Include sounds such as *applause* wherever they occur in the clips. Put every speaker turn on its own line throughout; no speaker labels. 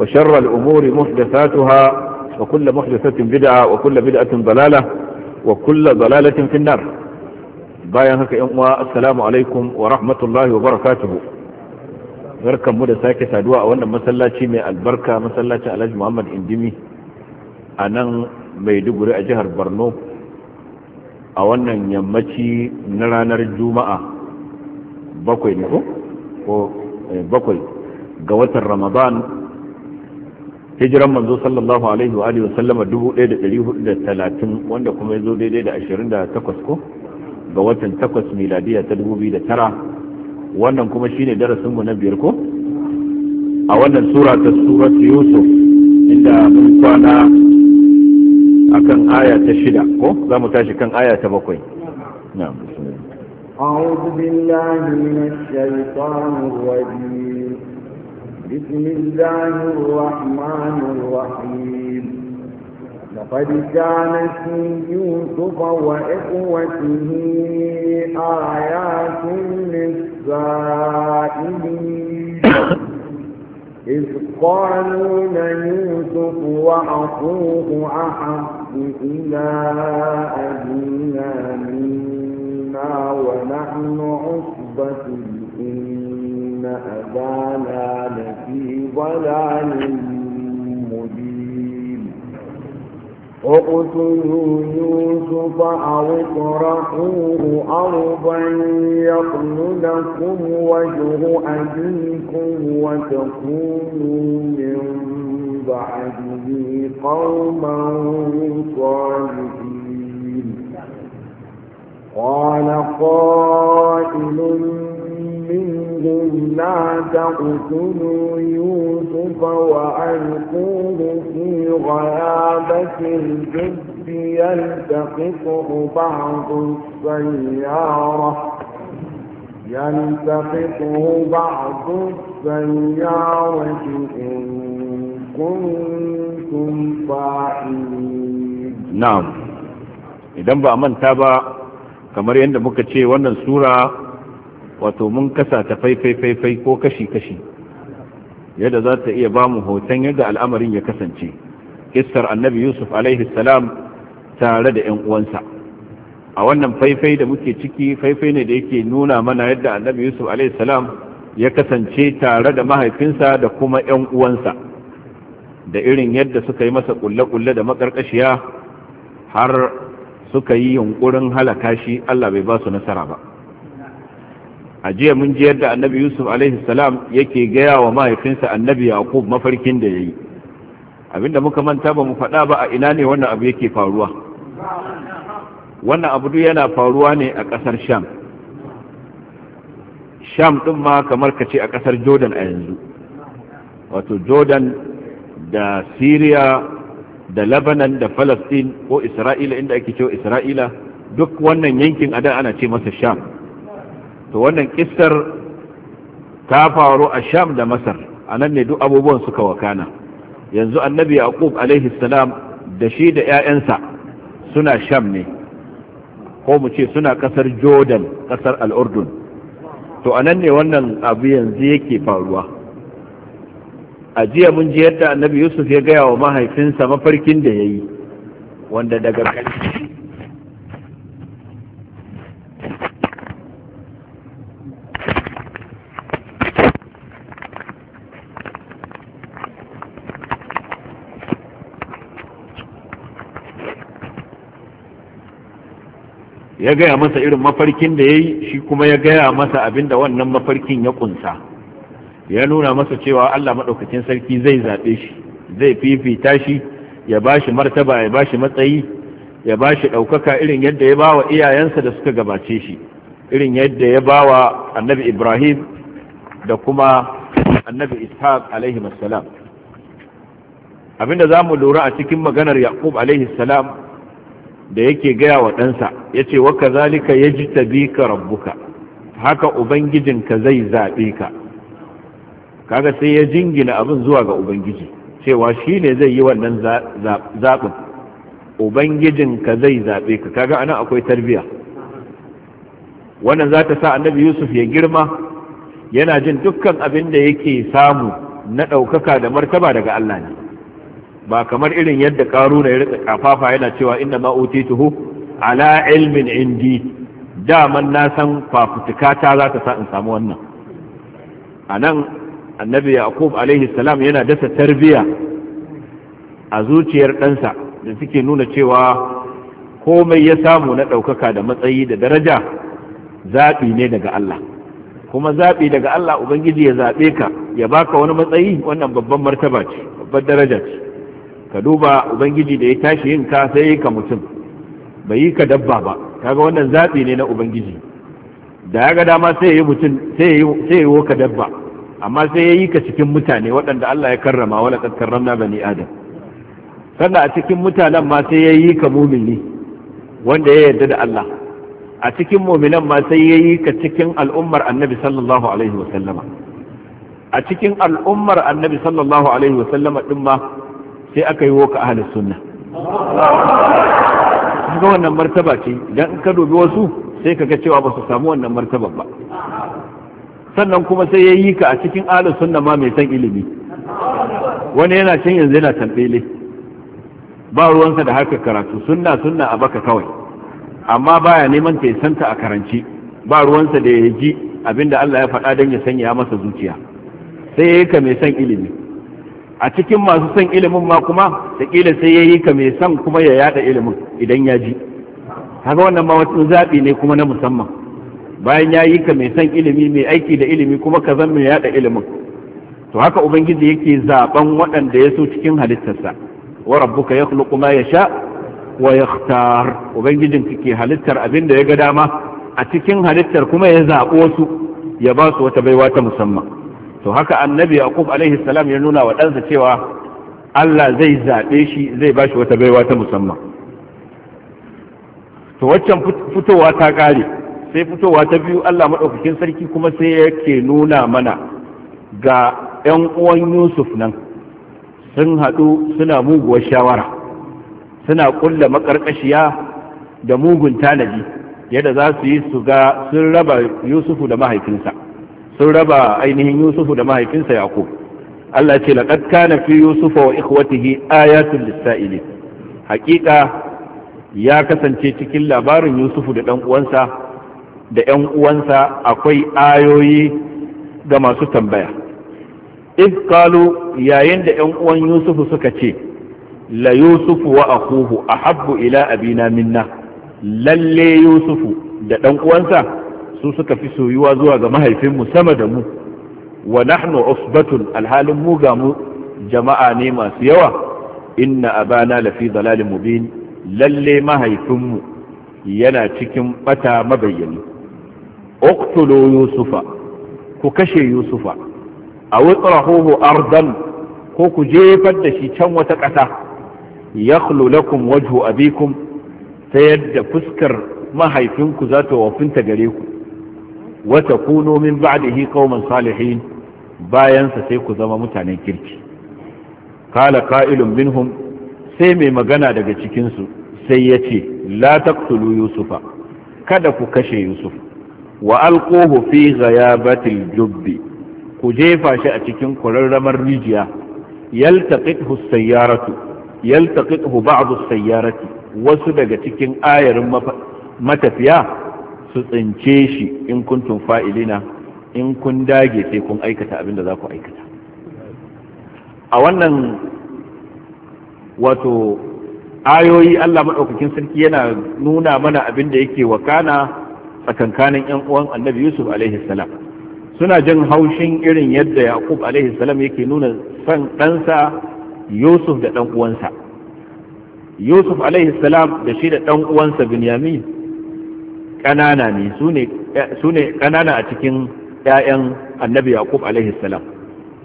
وشر الأمور محدثاتها وكل محدثة بدعة وكل بدعة ضلالة وكل ضلالة في النار bayan haka yan uwa assalamu alaikum wa rahmatullahi wa barakatuhu barkanmu da sake saduwa a wannan masallaci mai albarka masallacin Alhaji Muhammad Indimi a nan Maiduguri a jihar Borno a wannan yammaci na ranar Juma'a bakwai ne ko bakwai ga watan Ramadan hijiran manzo sallallahu alaihi wa hudu da 1430 wanda kuma ya zo daidai da 28 ko ga watan 8 miladiya ta 2009 wannan kuma shine darasin mu na biyar ko a wannan sura ta surat yusuf inda mun kwana akan aya ta shida ko za mu tashi kan aya ta bakwai na'am
أعوذ بالله من الشيطان الرجيم بسم الله الرحمن الرحيم لقد كان في يوسف وإخوته آيات للسائلين إذ قالوا ليوسف وأخوه أحب إلى أبينا منا ونحن عصبة إن إن أبانا لفي ضلال مبين اقتلوا يوسف أو اطرحوه أرضا يقل لكم وجه أبيكم وتكونوا من بعده قوما صالحين قال قائل منهم لا تقتلوا يوسف وألقوه في غيابة الجب يلتقطه بعض السيارة يلتقطه بعض السيارة إن كنتم فاعلين
نعم إذا ba manta ba kamar yadda muka ce wato mun kasa ta faifai-faifai ko kashi-kashi yadda za ta iya ba mu hoton yadda al'amarin ya kasance iskar annabi yusuf salam tare da 'yan uwansa a wannan faifai da muke ciki faifai ne da yake nuna mana yadda annabi yusuf salam ya kasance tare da mahaifinsa da kuma 'yan uwansa da irin yadda suka yi masa kulle-kulle da makarkashiya har suka yi yunkurin halaka shi allah bai ba su nasara ba a jiya mun ji yadda annabi yusuf alaihi salam yake gaya wa mahaifinsa annabi yaqub mafarkin da yayi abinda muka manta ba mu faɗa ba a ina ne wannan abu yake faruwa wannan abu duk yana faruwa ne a ƙasar sham sham ɗin ma kamar ka ce a ƙasar jordan a yanzu wato jordan da syria da lebanon da palestine ko isra'ila inda ake cewa isra'ila duk wannan yankin a da ana ce masa sham to wannan kistar ta faru a sham da masar a nan ne duk abubuwan suka wakana yanzu annabi yaqub alaihi salam da shi da 'ya'yansa suna sham ne ko mu ce suna kasar jordan kasar al'urdun to a nan ne wannan abu yanzu yake faruwa a jiya mun ji yadda annabi yusuf ya gaya wa mahaifinsa mafarkin da ya yi wanda daga ƙarshe ya gaya masa irin mafarkin da ya yi shi kuma ya gaya masa abin da wannan mafarkin ya kunsa ya nuna masa cewa allah maɗaukacin sarki zai zaɓe shi zai fifita shi ya ba shi martaba ya ba shi matsayi ya ba shi ɗaukaka irin yadda ya ba wa iyayensa da suka gabace shi irin yadda ya ba wa annabi ibrahim da kuma annabi ishaq alaihi salam abinda za mu lura a cikin maganar yaqub alaihi salam da yake gaya wa ɗansa ya ce wa ka zalika ya ji tabika ka rabbuka haka ubangijinka zai zaɓe ka kaga sai ya jingina abin zuwa ga ubangiji cewa shi ne zai yi wannan zaɓin ubangijinka zai zaɓe ka kaga anan akwai tarbiya wannan za ta sa annabi yusuf ya girma yana jin dukkan abin da yake samu na ɗaukaka da martaba daga allah ne ba kamar irin yadda karuna ya rika kafafa yana cewa inda ma utituhu ala ilmin indi daman na san fafutuka ta za ta sa in samu wannan a nan annabi yaqub alaihi salam yana dasa tarbiya a zuciyar ɗansa da suke nuna cewa komai ya samu na ɗaukaka da matsayi da daraja zaɓi ne daga Allah kuma zaɓi daga Allah Ubangiji ya zaɓe ka ya baka wani matsayi wannan babban martaba ce babban daraja ce ka duba ubangiji da ya tashi yin ka sai ka mutum bai yi ka dabba ba kaga wannan zaɓi ne na ubangiji da ya ga dama sai ya yi mutum sai ya yi ka dabba amma sai ya yi ka cikin mutane waɗanda Allah ya karrama wala kad karramna bani adam sannan a cikin mutanen ma sai ya yi ka mumini wanda ya yarda da Allah a cikin muminan ma sai ya yi ka cikin al'ummar annabi sallallahu alaihi wa sallama. a cikin al'ummar annabi sallallahu alaihi wa sallama din ma sai aka yi woka ahalus sunna ga wannan martaba ce dan ka dobi wasu sai ka ga cewa ba su samu wannan martaba ba sannan kuma sai ya yi ka a cikin ahalus sunna ma mai san ilimi wani yana cin yanzu yana tambele ba ruwansa da harkar karatu sunna sunna a baka kawai amma baya neman ta santa a karanci ba ruwansa da ya ji abinda Allah ya faɗa don ya sanya masa zuciya sai ya yi ka mai san ilimi a cikin masu son ilimin ma kuma da kila sai ya yi ka mai son kuma ya yada ilimin idan ya ji haka wannan ma wasu zaɓi ne kuma na musamman bayan ya yi ka mai son ilimi mai aiki da ilimi kuma ka zan mai yada ilimin to haka ubangiji yake zaɓen waɗanda ya so cikin halittarsa wa rabbuka yakhluqu ma sha wa yakhtar ubangijin kike halittar abin da ya ga dama a cikin halittar kuma ya zaɓo su ya ba su wata baiwa ta musamman to haka annabi yaqub alaihi salam ya nuna wa ɗansa cewa Allah zai zaɓe shi zai ba shi wata baiwa ta musamman to waccan fitowa ta ƙare sai fitowa ta biyu Allah maɗaukakin sarki kuma sai yake nuna mana ga 'yan uwan Yusuf nan sun haɗu suna muguwar shawara suna ƙulla maƙarƙashiya da mugun tanadi yadda za su yi su ga sun raba Yusufu da mahaifinsa sun raba ainihin yusufu da mahaifinsa yaqub Allah ce laqad kana fi yusufa wa ikhwatihi ayatun lis-sa'ilin haqiqa ya kasance cikin labarin yusufu da dan uwansa da yan uwansa akwai ayoyi ga masu tambaya id qalu yayin da yan uwan yusufu suka ce la yusufu wa akuhu ahabbu ila abina minna lalle yusufu da dan uwansa su suka fi soyuwa zuwa ga mahaifinmu sama da mu wa nahnu usbatun alhalin mu ga mu jama'a ne masu yawa inna abana lafi dalalin mubin lalle mahaifinmu yana cikin bata mabayyani uqtulu yusufa ku kashe yusufa a wutsarahuhu ardan ko ku jefar da shi can wata ƙasa yakhlu lakum wajhu abikum ta yadda fuskar mahaifinku za ta wafinta gare ku Wata kuno min da qauman salihin bayan sa sai ku zama mutanen kirki kala kailun minhum sai mai magana daga cikinsu, sai ya ce. la taqtulu yusufa kada ku kashe yusuf wa alquhu fi batil jubbi ku jefa shi a cikin kurarramar rijiya yaltaqithu as-sayyaratu yaltaqithu sayyarati wasu daga cikin ayarin matafiya su tsince shi in kun kuntum fa'ilina in kun dage sai kun aikata abin za ku aikata a wannan wato ayoyi Allah maɗaukakin sarki yana nuna mana abin da yake wakana tsakankanin ‘yan uwan annabi Yusuf salam suna jin haushin irin yadda Yaqub salam yake nuna son ɗansa Yusuf da ɗan uwansa Yusuf salam da shi da ɗan uwansa Binyamin ƙanana ne su ne ƙanana a cikin 'ya'yan annabi yaqub alaihi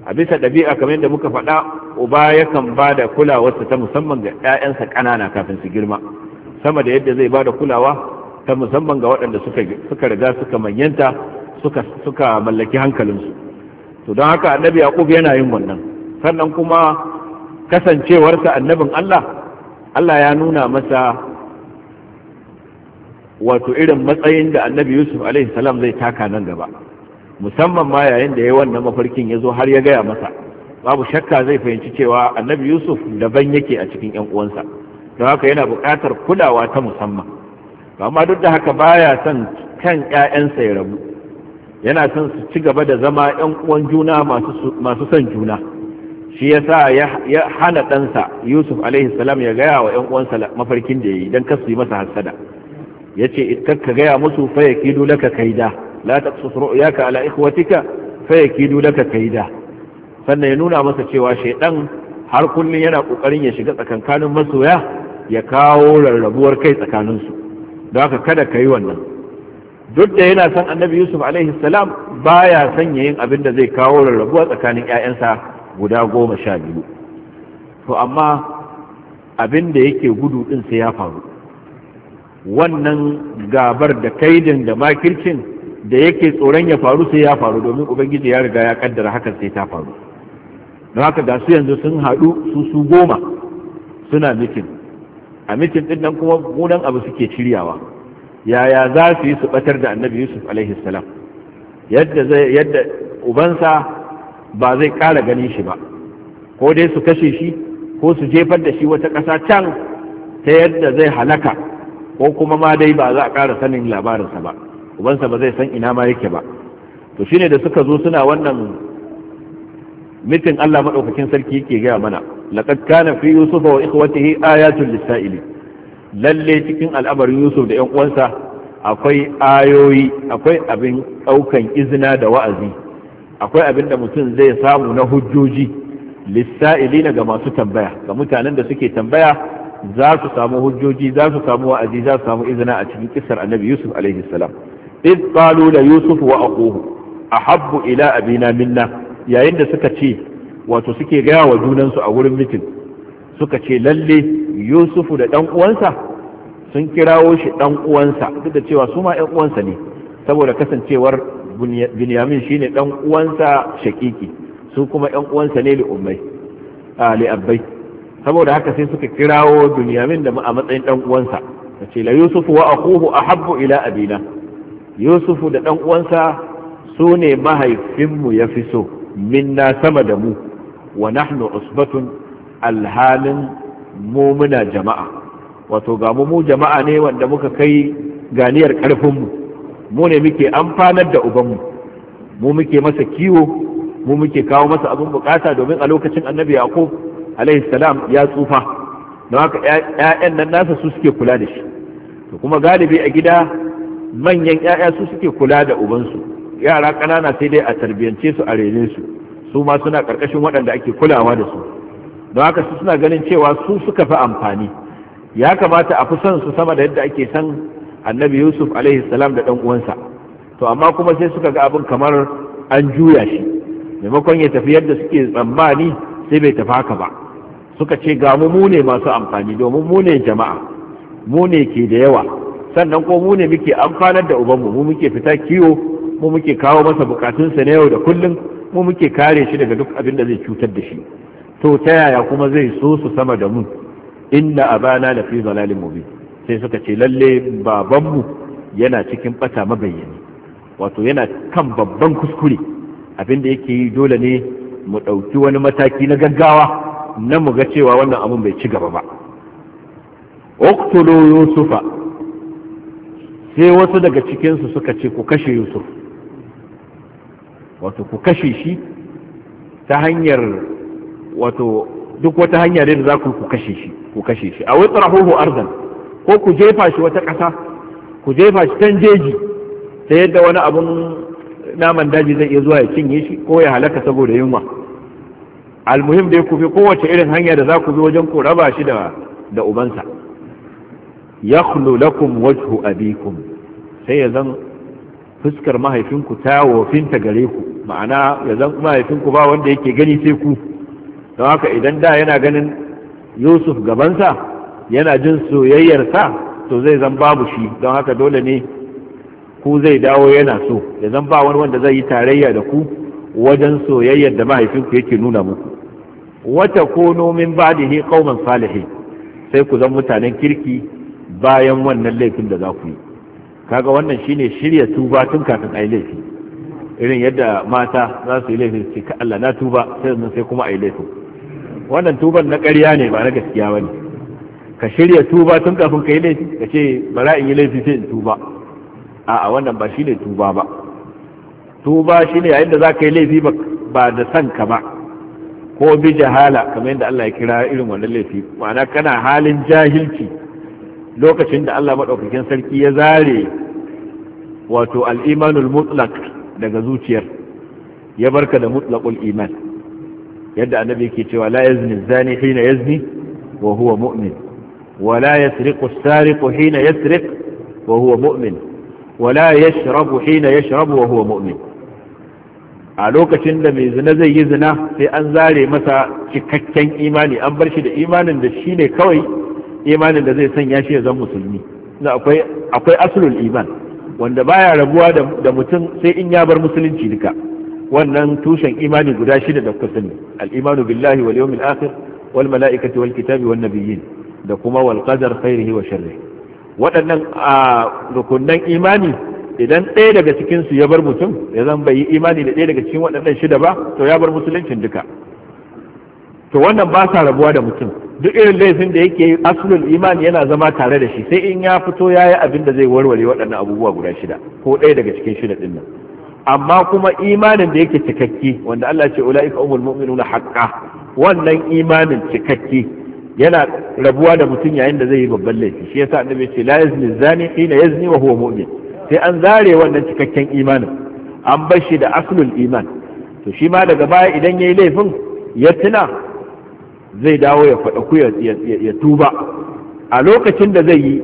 a bisa ɗabi'a kamar yadda muka faɗa uba yakan ba da kulawarsa ta musamman ga 'ya'yansa ƙanana kafin su girma sama da yadda zai ba da kulawa ta musamman ga waɗanda suka riga suka manyanta suka mallaki hankalinsu to don haka annabi yaqub yana yin wannan sannan kuma kasancewarsa annabin allah allah ya nuna masa wato irin matsayin da annabi yusuf alaihi salam zai taka nan gaba musamman ma yayin da ya wannan mafarkin ya zo har ya gaya masa babu shakka zai fahimci cewa annabi yusuf daban yake a cikin yan uwansa don haka yana buƙatar kulawa ta musamman amma duk da haka baya son kan ƴaƴansa ya rabu yana son su ci gaba da zama yan uwan juna masu son juna shi yasa ya hana ɗansa yusuf alaihi salam ya gaya wa yan uwansa mafarkin da ya yi don kasu yi masa hassada yace ittakka gaya musu fa yakidu laka kaida la taqsus ru'yaka ala ikhwatika fa yakidu laka kaida sannan ya nuna masa cewa shaydan har kullum yana kokarin ya shiga tsakankanin masoya ya kawo rarrabuwar kai tsakaninsu su don haka kada yi wannan duk da yana son annabi yusuf alaihi salam baya son yayin abin da zai kawo rarrabuwa tsakanin ƴaƴansa guda goma sha biyu to amma abin da yake gudu din sai ya faru wannan gabar da kaidin da makircin da yake tsoron ya faru sai ya faru domin ubangiji ya riga ya kaddara hakan sai ta faru don haka ga su yanzu sun haɗu su su goma suna mitin a mitin ɗin nan kuma gudan abu suke shiryawa yaya za su yi su batar da annabi yusuf alaihi salam yadda yadda ubansa ba zai ƙara ganin shi ba ko dai su kashe shi ko su jefar da shi wata ƙasa can ta yadda zai halaka ko kuma ma dai ba za a ƙara sanin labarinsa ba ubansa ba zai san ina ma yake ba to shine da suka zo suna wannan mitin Allah madaukakin sarki yake gaya mana laqad kana fi yusufa wa ikhwatihi ayatul lisaili lalle cikin al'amarin yusuf da yan uwansa akwai ayoyi akwai abin daukan izina da wa'azi akwai abin da mutum zai samu na hujjoji lissa'ilina ga masu tambaya ga mutanen da suke tambaya za ku samu hujjoji za ku samu wa'azi za ku samu izina a cikin kisar annabi yusuf alaihi salam id qalu la yusuf wa aquhu ahabbu ila abina minna yayin da suka ce wato suke gaya wa junansu a wurin mitin suka ce lalle Yusuf da dan uwansa sun kirawo shi dan uwansa duk da cewa su ma ɗan uwansa ne saboda kasancewar binyamin shine dan uwansa shakiki su kuma ɗan uwansa ne li ummai li abbai saboda haka sai suka kirawo Bunyamin da a matsayin dan uwansa ce la Yusufu wa akuhu ahabbu ila abina Yusufu da dan uwansa su ne mahaifinmu ya fi so minna sama da mu wa nahnu usbatun alhalin mu muna jama'a wato ga mu jama'a ne wanda muka kai ganiyar karfinmu mu ne muke amfanar da ubanmu mu muke masa kiwo mu muke kawo masa abin bukata domin a lokacin annabi yaqub alaihi salam ya tsufa don haka ƴaƴan nan nasa su suke kula da shi to kuma galibi a gida manyan ƴaƴa su suke kula da ubansu yara ƙanana sai dai a tarbiyance su a rene su su ma suna ƙarƙashin waɗanda ake kulawa da su don haka su suna ganin cewa su suka fi amfani ya kamata a fi son su sama da yadda ake san annabi yusuf alaihi salam da ɗan uwansa to amma kuma sai suka ga abin kamar an juya shi maimakon ya tafi yadda suke tsammani sai bai tafi haka ba suka ce ga mu mune masu amfani domin mune jama'a mune ke da yawa sannan ko mune muke amfanar da ubanmu mu muke fita kiwo mu muke kawo masa bukatunsa na yau da kullum mu muke kare shi daga duk abin da zai cutar da shi to ta yaya kuma zai so su sama da mu inna abana la fi zalalin mubin sai suka ce lalle babanmu yana cikin bata mabayyani wato yana kan babban kuskure abin da yake yi dole ne mu ɗauki wani mataki na gaggawa na mu ga cewa wannan abin bai ci gaba ba oktolo yusufa sai wasu daga cikinsu suka ce ku kashe yusuf wato ku kashe shi ta hanyar wato duk wata hanya da za ku kashe shi ku kashe shi a wata rahuhu arzan ko ku jefa shi wata ƙasa ku jefa shi tan jeji ta yadda wani abun naman daji zai iya zuwa ya cinye shi ko ya halaka saboda yunwa almuhim da ku fi kowace irin hanya da za ku bi wajen ku raba shi da da ubansa yakhlu lakum wajhu abikum sai ya zan fuskar mahaifinku ta wofinta gare ku ma'ana ya zan mahaifinku ba wanda yake gani sai ku don haka idan da yana ganin yusuf gabansa yana jin soyayyarsa to zai zan babu shi don haka dole ne ku zai dawo yana so ya zan ba wani wanda zai yi tarayya da ku wajen soyayyar da mahaifinku yake nuna muku wata kono min ba'dihi qauman salihin sai ku zan mutanen kirki bayan wannan laifin da za ku yi kaga wannan shine shirya tuba tun kafin ayi laifi irin yadda mata za su yi laifin su ka Allah na tuba sai sai kuma ayi laifin wannan tuban na ƙarya ne ba na gaskiya bane ka shirya tuba tun kafin ka yi laifi ka ce bara in yi laifi sai in tuba a wannan ba ne tuba ba tuba shine yayin da zaka yi laifi ba da san ka ba ko bi jahala kamar yadda Allah ya kira irin wannan laifi ma'ana kana halin jahilci lokacin da Allah maɗaukakin sarki ya zare wato al daga zuciyar ya barka da mutlaqul iman yadda annabi yake cewa la yazni zani hina yazni wa huwa mu'min wa la yasriqu as-sariqu hina yasriq wa huwa mu'min wala yashrabu hina yashrabu wa huwa mu'min a lokacin da mai zina zai yi zina sai an zare masa cikakken imani an bar shi da imanin da shi ne kawai imanin da zai sanya shi ya zan musulmi akwai akwai asulul iman wanda baya rabuwa da mutum sai in ya bar musulunci duka wannan tushen imani guda shida da kuka sani al-imanu billahi wal yawmil akhir wal mala'ikati wal kitabi wan nabiyyin da kuma wal qadar khairihi wa sharrihi waɗannan a rukunan imani idan ɗaya daga cikinsu ya bar mutum ya zan bai yi imani da ɗaya daga cikin waɗannan shida ba to ya bar musuluncin duka to wannan ba sa rabuwa da mutum duk irin laifin da yake asulul imani yana zama tare da shi sai in ya fito ya yi abin da zai warware waɗannan abubuwa guda shida ko ɗaya daga cikin shida ɗin nan amma kuma imanin da yake cikakke wanda Allah ce ula'ika umul mu'minuna haqqa wannan imanin cikakke yana rabuwa da mutum yayin da zai yi babban laifi shi yasa annabi ce la yazni zani hina yazni wa huwa mu'min sai an zare wannan cikakken imanin an bar shi da aslul iman to shi ma daga baya idan yayi laifin ya tuna zai dawo ya ku ya tuba a lokacin da zai yi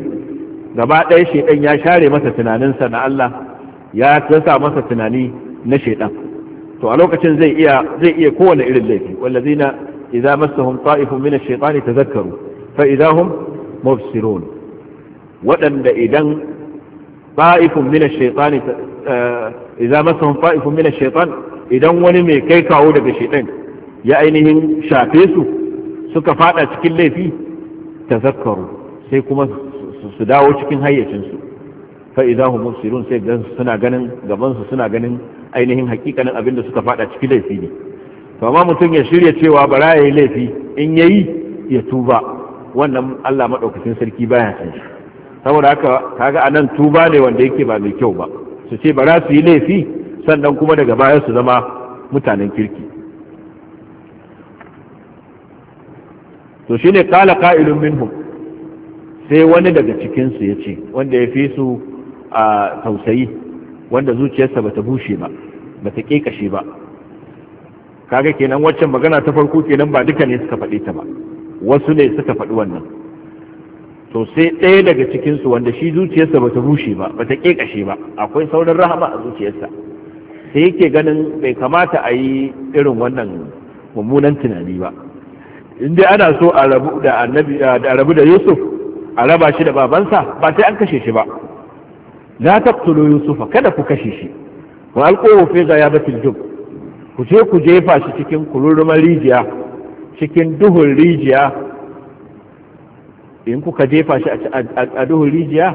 gaba ɗaya shaidan ya share masa tunaninsa na Allah ya sa masa tunani na shaidan to a lokacin zai iya zai iya kowane irin laifi wallazina إذا مسهم طائف من الشيطان تذكروا فإذا هم مبصرون ودن إذن طائف من الشيطان إذا مسهم طائف من الشيطان idan wani mai kai kawo daga shaidan ya ainihin shafe su suka fada cikin laifi tazakkaru sai kuma su dawo cikin hayyacinsu fa idza gabansu suna ganin ainihin hakikanin abin da suka faɗa cikin laifi ne to amma mutum ya shirya cewa bara ya yi laifi in ya yi ya tuba wannan Allah maɗaukacin sarki baya san shi saboda haka kaga anan tuba ne wanda yake ba mai kyau ba su ce bara su yi laifi sannan kuma daga baya su zama mutanen kirki to shine kala ka'ilun minhum sai wani daga cikinsu ya ce wanda ya fi su a tausayi wanda zuciyarsa bata bushe ba bata ƙeƙashe ba kaga kenan waccan magana ta farko kenan ba duka ne suka faɗi ta ba wasu ne suka faɗi wannan to sai ɗaya daga cikinsu wanda shi zuciyarsa bata bushe ba bata ƙeƙashe ba akwai saurin rahama a zuciyarsa sai yake ganin bai kamata a yi irin wannan mummunan tunani ba in dai ana so a rabu da annabi da rabu da yusuf a raba shi da babansa ba sai an kashe shi ba la taqtulu yusufa kada ku kashe shi wa alqahu fi ghayabatil jub ku je ku jefa shi cikin kururumar rijiya cikin duhun rijiya in kuka jefa shi a duhun rijiya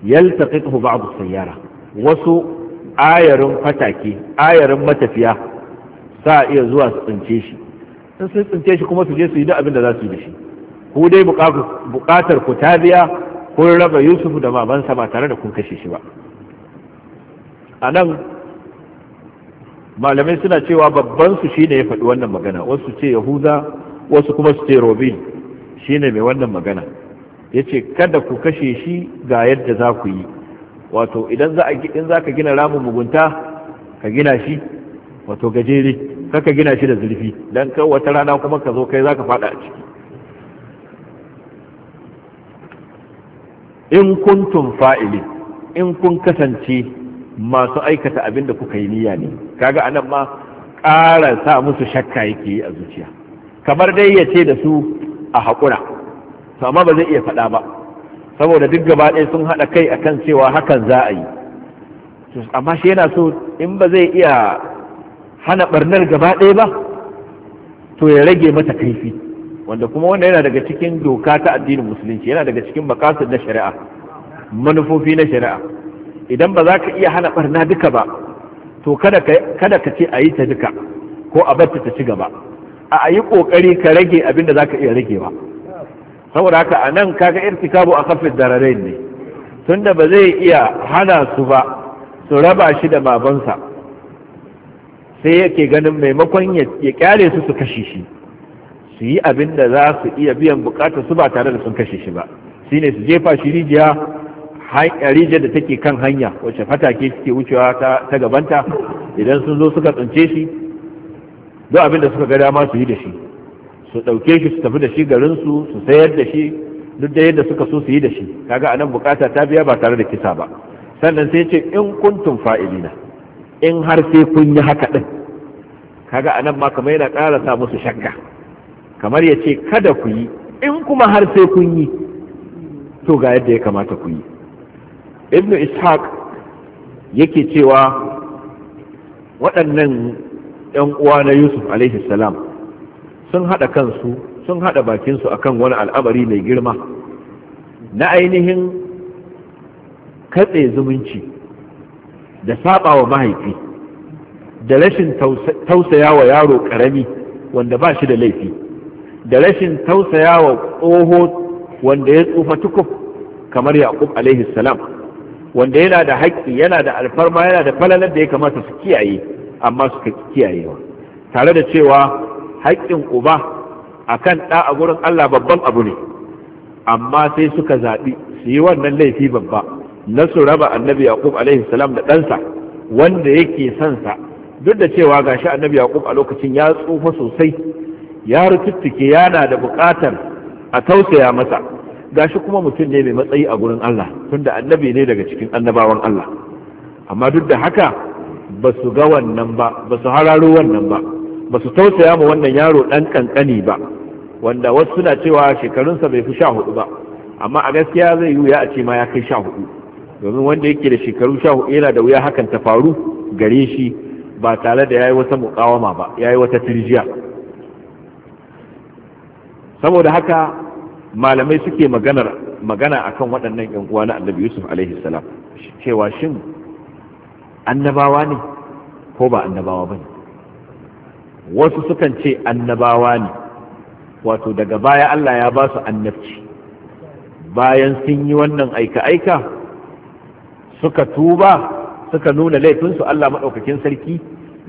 ba abu sayyara wasu ayarin fataki ayarin matafiya sa iya zuwa su tsince shi in sun tsince shi kuma su je su yi duk abin da za su yi da shi ku dai buƙatar ku ta biya kun raba yusuf da babansa ba tare da kun kashe shi ba a nan malamai suna cewa babban su shine ya faɗi wannan magana wasu ce yahuda wasu kuma su ce robin shine mai wannan magana yace kada ku kashe shi ga yadda za ku yi wato idan za in ka gina ramin mugunta ka gina shi wato gajere kaka gina shi da zurfi don kan wata rana kuma ka zo kai za ka faɗa a ciki in kuntum fa'ili in kun kasance masu aikata abin da kuka yi niyya ne kaga anan ma ƙara sa musu shakka yake yi a zuciya kamar dai ya ce da su a haƙura to amma ba zai iya faɗa ba saboda duk gaba ɗaya sun haɗa kai akan cewa hakan za a yi amma shi yana so in ba zai iya hana ɓarnar gaba ɗaya ba to ya rage mata kaifi wanda kuma wanda yana daga cikin doka ta addinin musulunci yana daga cikin makasar na shari'a manufofi na shari'a idan ba za ka iya hana barna duka ba to kada ka ce a yi ta duka ko a barta ta ci gaba a yi kokari ka rage abin da za ka iya ragewa saboda haka a nan kaga irtikabu a kafin dararai ne tunda ba zai iya hana su ba su raba shi da babansa sai yake ganin maimakon ya kyale su su kashe shi su yi abin da za su iya biyan bukatar su ba tare da sun kashe shi ba shine su jefa shi rijiya rijiyar da take kan hanya wacce fatake suke wucewa ta gabanta idan sun zo suka tsince shi duk abin da suka ga dama su yi da shi su ɗauke shi su tafi da shi garin su sayar da shi duk da yadda suka so su yi da shi kaga anan bukata ta biya ba tare da kisa ba sannan sai ce in kuntum fa'ilina in har sai kun yi haka din kaga anan ma kamar yana ƙara sa musu shakka kamar ya ce kada ku yi in kuma har sai kun yi to ga yadda ya kamata ku yi ibnu ishaq yake cewa waɗannan 'yan uwa na yusuf alaihi salam sun haɗa kansu sun haɗa bakinsu akan wani al'amari mai girma na ainihin katse zumunci da saba mahaifi da rashin tausaya wa yaro ƙarami wanda ba shi da laifi da rashin tausaya wa tsoho wanda ya tsufa tukuf kamar yaƙub alaihi salam wanda yana da haƙƙi yana da alfarma yana da falalar da ya kamata su kiyaye amma kiyaye kiyayewa tare da cewa haƙƙin uba akan ɗa a gurin Allah babban abu ne amma sai suka zaɓi su yi wannan laifi babba na su raba annabi yaƙub alaihi salam da ɗansa wanda yake son sa duk da cewa gashi annabi yaƙub a lokacin ya tsufa sosai ya rututtuke yana da buƙatar a tausaya masa gashi kuma mutum ne mai matsayi a gurin Allah tunda annabi ne daga cikin annabawan Allah amma duk da haka ba su ga wannan ba ba su hararo wannan ba ba su tausaya ma wannan yaro dan kankani ba wanda wasu suna cewa shekarunsa bai fi sha hudu ba amma a gaskiya zai yi wuya a ce ma ya kai sha hudu domin wanda yake da shekaru sha hudu yana da wuya hakan ta faru gare shi ba tare da yayi wata mukawama ba yayi wata tirjiya saboda haka malamai suke maganar magana akan waɗannan yan uwa na annabi yusuf alaihi salam cewa shin annabawa ne ko ba annabawa ba ne wasu sukan ce annabawa ne wato daga baya allah ya ba su annabci bayan sun yi wannan aika-aika suka tuba suka nuna laifinsu allah maɗaukakin sarki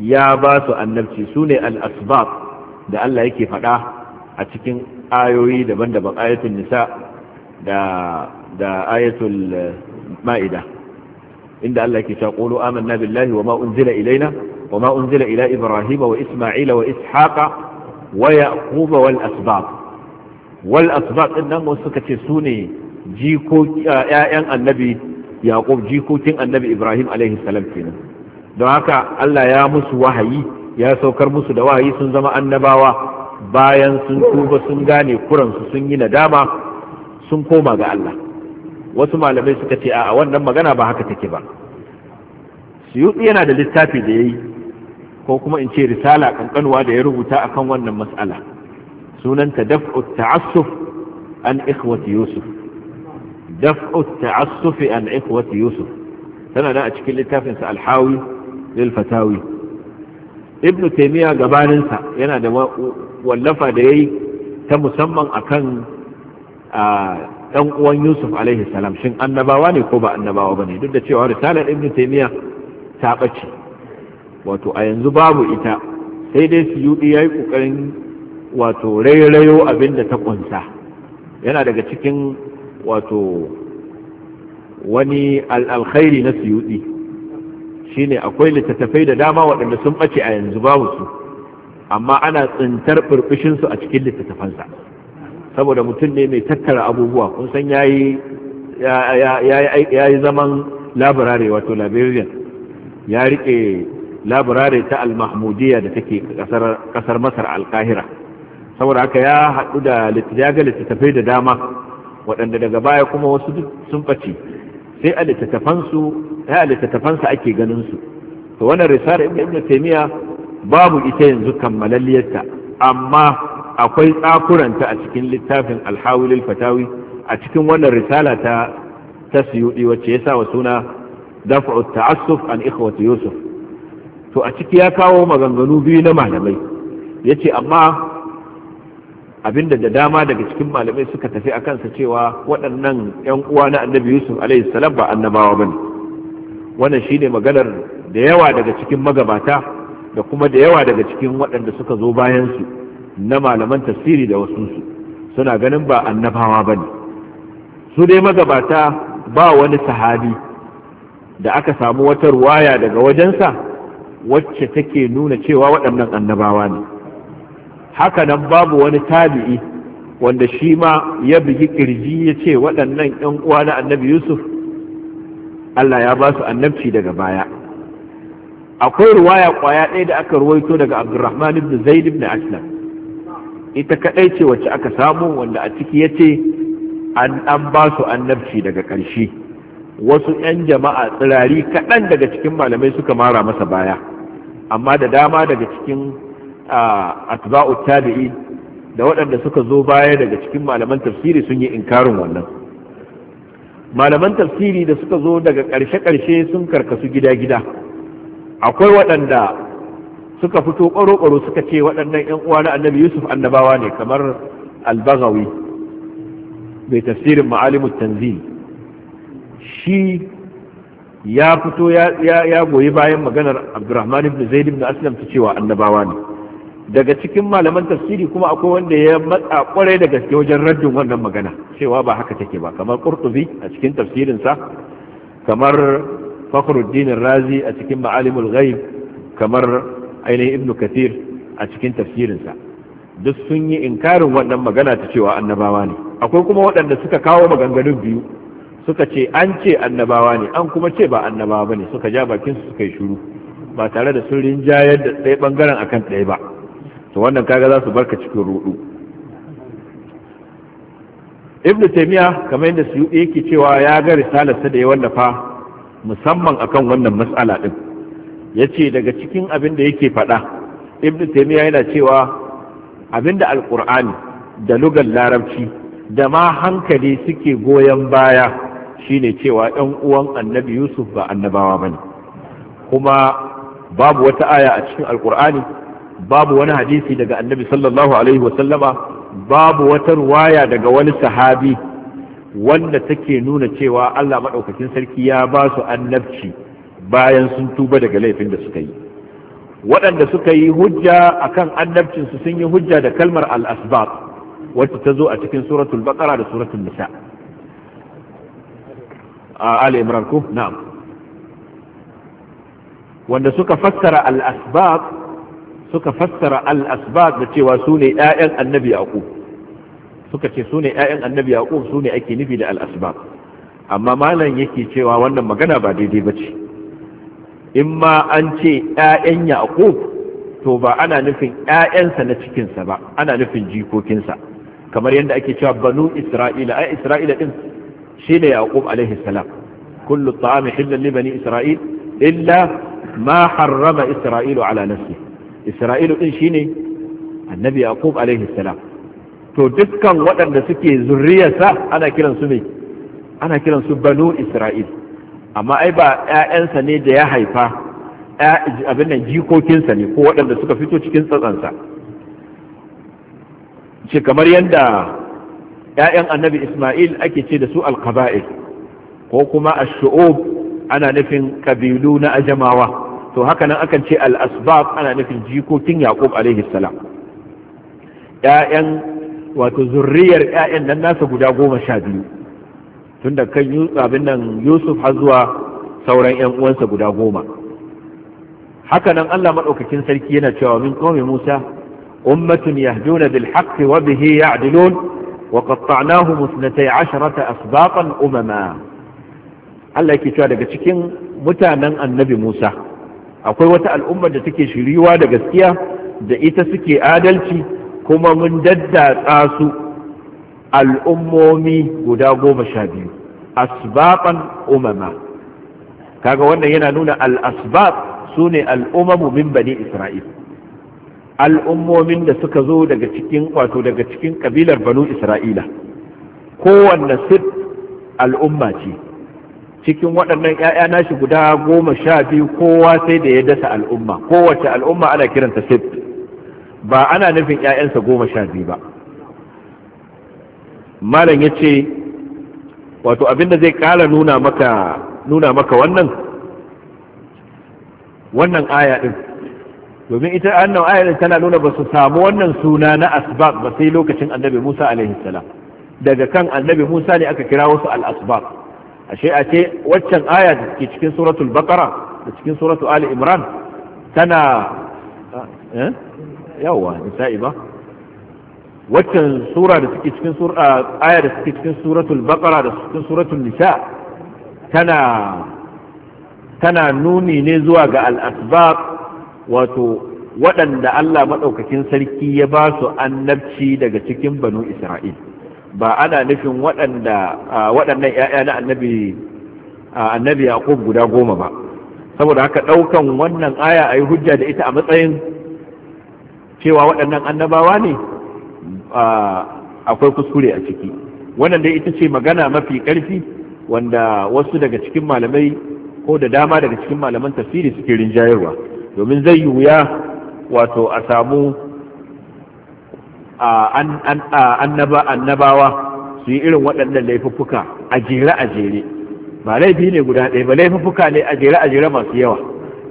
ya ba su annabci su ne al-asbab da allah yake faɗa a cikin ayoyi daban-daban ayatul nisa da da ayatul ma'ida inda Allah ke cewa amanna billahi wa wama unzila ilaina wa wama unzila ila ibrahima wa isma'ila wa ishaqa wa yaquba wal asbab wal asbab din nan wasu suka ce sune jikoki ƴaƴan annabi yaqub jikokin annabi ibrahim alaihi salam kenan don haka Allah ya musu wahayi ya saukar musu da wahayi sun zama annabawa bayan sun tuba sun gane kuransu sun yi nadama sun koma ga Allah wasu malamai suka ce a wannan magana ba haka take ba suyuɗi yana da littafi da ya yi ko kuma in ce risala kankanuwa da ya rubuta akan wannan matsala sunanta daf'u ta'assuf an ikhwati yusuf daf'u ta'assuf an ikhwati yusuf tana da a cikin littafin sa alhawi lil fatawi ibnu taymiya gabaninsa yana da wallafa da yayi ta musamman akan dan uwan Yusuf alaihi salam shin annabawa ne ko ba annabawa bane duk da cewa risalar Ibn Taymiyyah ta bace wato a yanzu babu ita sai dai ya yayi ƙoƙarin wato rairayo abinda ta kunsa yana daga cikin wato wani alkhairi na Shi shine akwai littattafai da dama waɗanda sun bace a yanzu babu su amma ana tsintar su a cikin littattafansa saboda mutum ne mai tattara abubuwa kun san yayi yi zaman labarare wato librarian ya rike labarare ta al-mahmudiyya da take kasar kasar Masar al kahira saboda haka ya haɗu da littattafai da dama waɗanda daga baya kuma wasu sun ɓace sai a littattafansu a ake ganin su to wannan risala ibn taymiya babu ita yanzu kammalalliyarta amma akwai tsakuranta a cikin littafin alhawilil fatawi a cikin wannan risala ta tasiyudi wacce ya sa wa suna dafa'u ta'assuf an ikhwati yusuf to a ciki ya kawo maganganu biyu na malamai yace amma abinda da dama daga cikin malamai suka tafi a kansa cewa waɗannan 'yan uwa na annabi yusuf alaihi salam ba annabawa bane wannan shine maganar da yawa daga cikin magabata da kuma da yawa daga cikin waɗanda suka zo bayansu na malaman tasiri da wasu suna ganin ba annabawa ba ne su dai magabata ba wani sahabi da aka samu wata ruwaya daga wajensa wacce take nuna cewa waɗannan annabawa ne haka nan babu wani tabi'i wanda shi ma ya bugi kirji ya ce waɗannan 'yan uwa na annabi yusuf allah ya ba su annabci daga baya akwai ruwaya kwaya ɗaya da aka ruwaito daga abdurrahman ibn zaid ibn aslam ita kaɗai ce wacce aka samu wanda a ciki ya ce an an ba su annabci daga ƙarshe wasu 'yan jama'a tsirari kaɗan daga cikin malamai suka mara masa baya amma da dama daga cikin atba'u tabi'i da waɗanda suka zo baya daga cikin malaman tafsiri sun yi inkarin wannan malaman tafsiri da suka zo daga ƙarshe-ƙarshe sun karkasu gida-gida akwai waɗanda suka fito ƙwaro-ƙwaro suka ce waɗannan 'yan uwa na annabi yusuf annabawa ne kamar albagawi mai tafsirin ma'alimun tanzil shi ya fito ya goyi bayan maganar abdurrahman ibn zaid ibn aslam ta cewa annabawa ne daga cikin malaman tafsiri kuma akwai wanda ya matsa kwarai da gaske wajen raddin wannan magana cewa ba haka take ba kamar qurtubi a cikin tafsirinsa kamar fakhruddin razi a cikin ma'alimul ghaib kamar ainihin ibnu kathir a cikin tafsirinsa duk sun yi inkarin wannan magana ta cewa annabawa ne akwai kuma waɗanda suka kawo maganganun biyu suka ce an ce annabawa ne an kuma ce ba annabawa ba ne suka ja bakin su suka yi shuru ba tare da sun rinjayar da ɗaya ɓangaren akan ɗaya ba to wannan kaga za su barka cikin rudu ibnu taymiya kamar yadda suyuɗi yake cewa ya ga risalarsa da ya wallafa musamman akan wannan matsala din yace daga cikin abin da yake faɗa ibnu taymiya yana cewa abin da alqur'ani da Lugan larabci da ma hankali suke goyon baya shine cewa ɗan uwan annabi yusuf ba annabawa bane kuma babu wata aya a cikin alqur'ani babu wani hadisi daga annabi sallallahu alaihi wasallama babu wata ruwaya daga wani sahabi wanda take nuna cewa Allah maɗaukakin sarki ya ba su annabci bayan sun tuba daga laifin da suka yi waɗanda suka yi hujja akan annabcinsu sun yi hujja da kalmar al-asbab wacce ta zo a cikin suratul baqara da suratul nisa a ali imran ko na'am wanda suka fassara al-asbab suka fassara al-asbab da cewa su ne ƴaƴan annabi yaqub suka ce su ne 'ya'yan annabi yaqub su ne ake nufi da al'asbab amma malam yake cewa wannan magana ba daidai ba ce in ma an ce 'ya'yan yaqub to ba ana nufin 'ya'yansa na cikinsa ba ana nufin jikokinsa kamar yadda ake cewa banu isra'ila ai isra'ila din shine yaqub alaihi salam kullu ta'ami hillan li bani isra'il illa ma harrama isra'ilu ala nafsi isra'ilu din shine annabi yaqub alaihi salam to dukkan waɗanda suke zurriyarsa ana kiransu ne ana kiransu banu isra'il amma ai ba 'ya'yansa ne da ya haifa abin jikokinsa ne ko waɗanda suka fito cikin tsatsansa ce kamar yadda 'ya'yan annabi isma'il ake ce da su alkaba'il ko kuma a ashu'ub ana nufin kabilu na ajamawa to haka nan akan ce al'asbab ana nufin jikokin yaƙub alaihi ‘ya'yan wato zurriyar ƴaƴan nan nasa guda goma sha biyu tun da kan abin nan yusuf har zuwa sauran ƴan uwansa guda goma haka nan allah maɗaukakin sarki yana cewa min kome musa ummatun yahduna bil haqqi wa bihi ya'dilun wa qatta'nahum asharata asbaqan umama Allah yake cewa daga cikin mutanen annabi Musa akwai wata al'ummar da take shiriwa da gaskiya da ita suke adalci kuma mun daddatsa su al'ummomi guda goma sha biyu asbaban umama kaga wannan yana nuna al'asbab su ne al'umamu min bani isra'il al'ummomin da suka zo daga cikin wato daga cikin kabilar banu isra'ila kowanne sif al'umma ce cikin waɗannan 'ya'ya nashi guda goma sha biyu kowa sai da ya dasa al'umma kowace al'umma ana kiranta sif ba ana nufin ‘ya'yansa goma sha biyu ba malam ya ce wato abinda zai ƙara nuna maka nuna maka wannan wannan aya din. domin ita annan aya ɗin tana nuna ba su samu wannan suna na asbab ba sai lokacin annabi musa alaihi salam daga kan annabi musa ne aka kira wasu al-asbab ashe a ce waccan aya da ke cikin suratul baqara da cikin suratul ali imran tana eh? yawa nisa'i ba waccan sura da suke cikin sura aya da suke cikin suratul baqara da cikin suratul nisa tana tana nuni ne zuwa ga al wato waɗanda Allah maɗaukakin sarki ya ba su annabci daga cikin banu Isra'il ba ana nufin waɗanda waɗannan ‘ya'ya na annabi annabi Yaqub guda goma ba saboda haka ɗaukan wannan aya a yi hujja da ita a matsayin cewa waɗannan annabawa ne akwai kuskure a ciki wannan dai ita ce magana mafi ƙarfi wanda wasu daga cikin malamai ko da dama daga cikin malaman tafsiri suke rinjayarwa domin zai yi wuya wato a samu annabawa su yi irin waɗannan laifuffuka a jere a jere ba laifi ne guda ɗaya ba laifuffuka ne a jere a jere masu yawa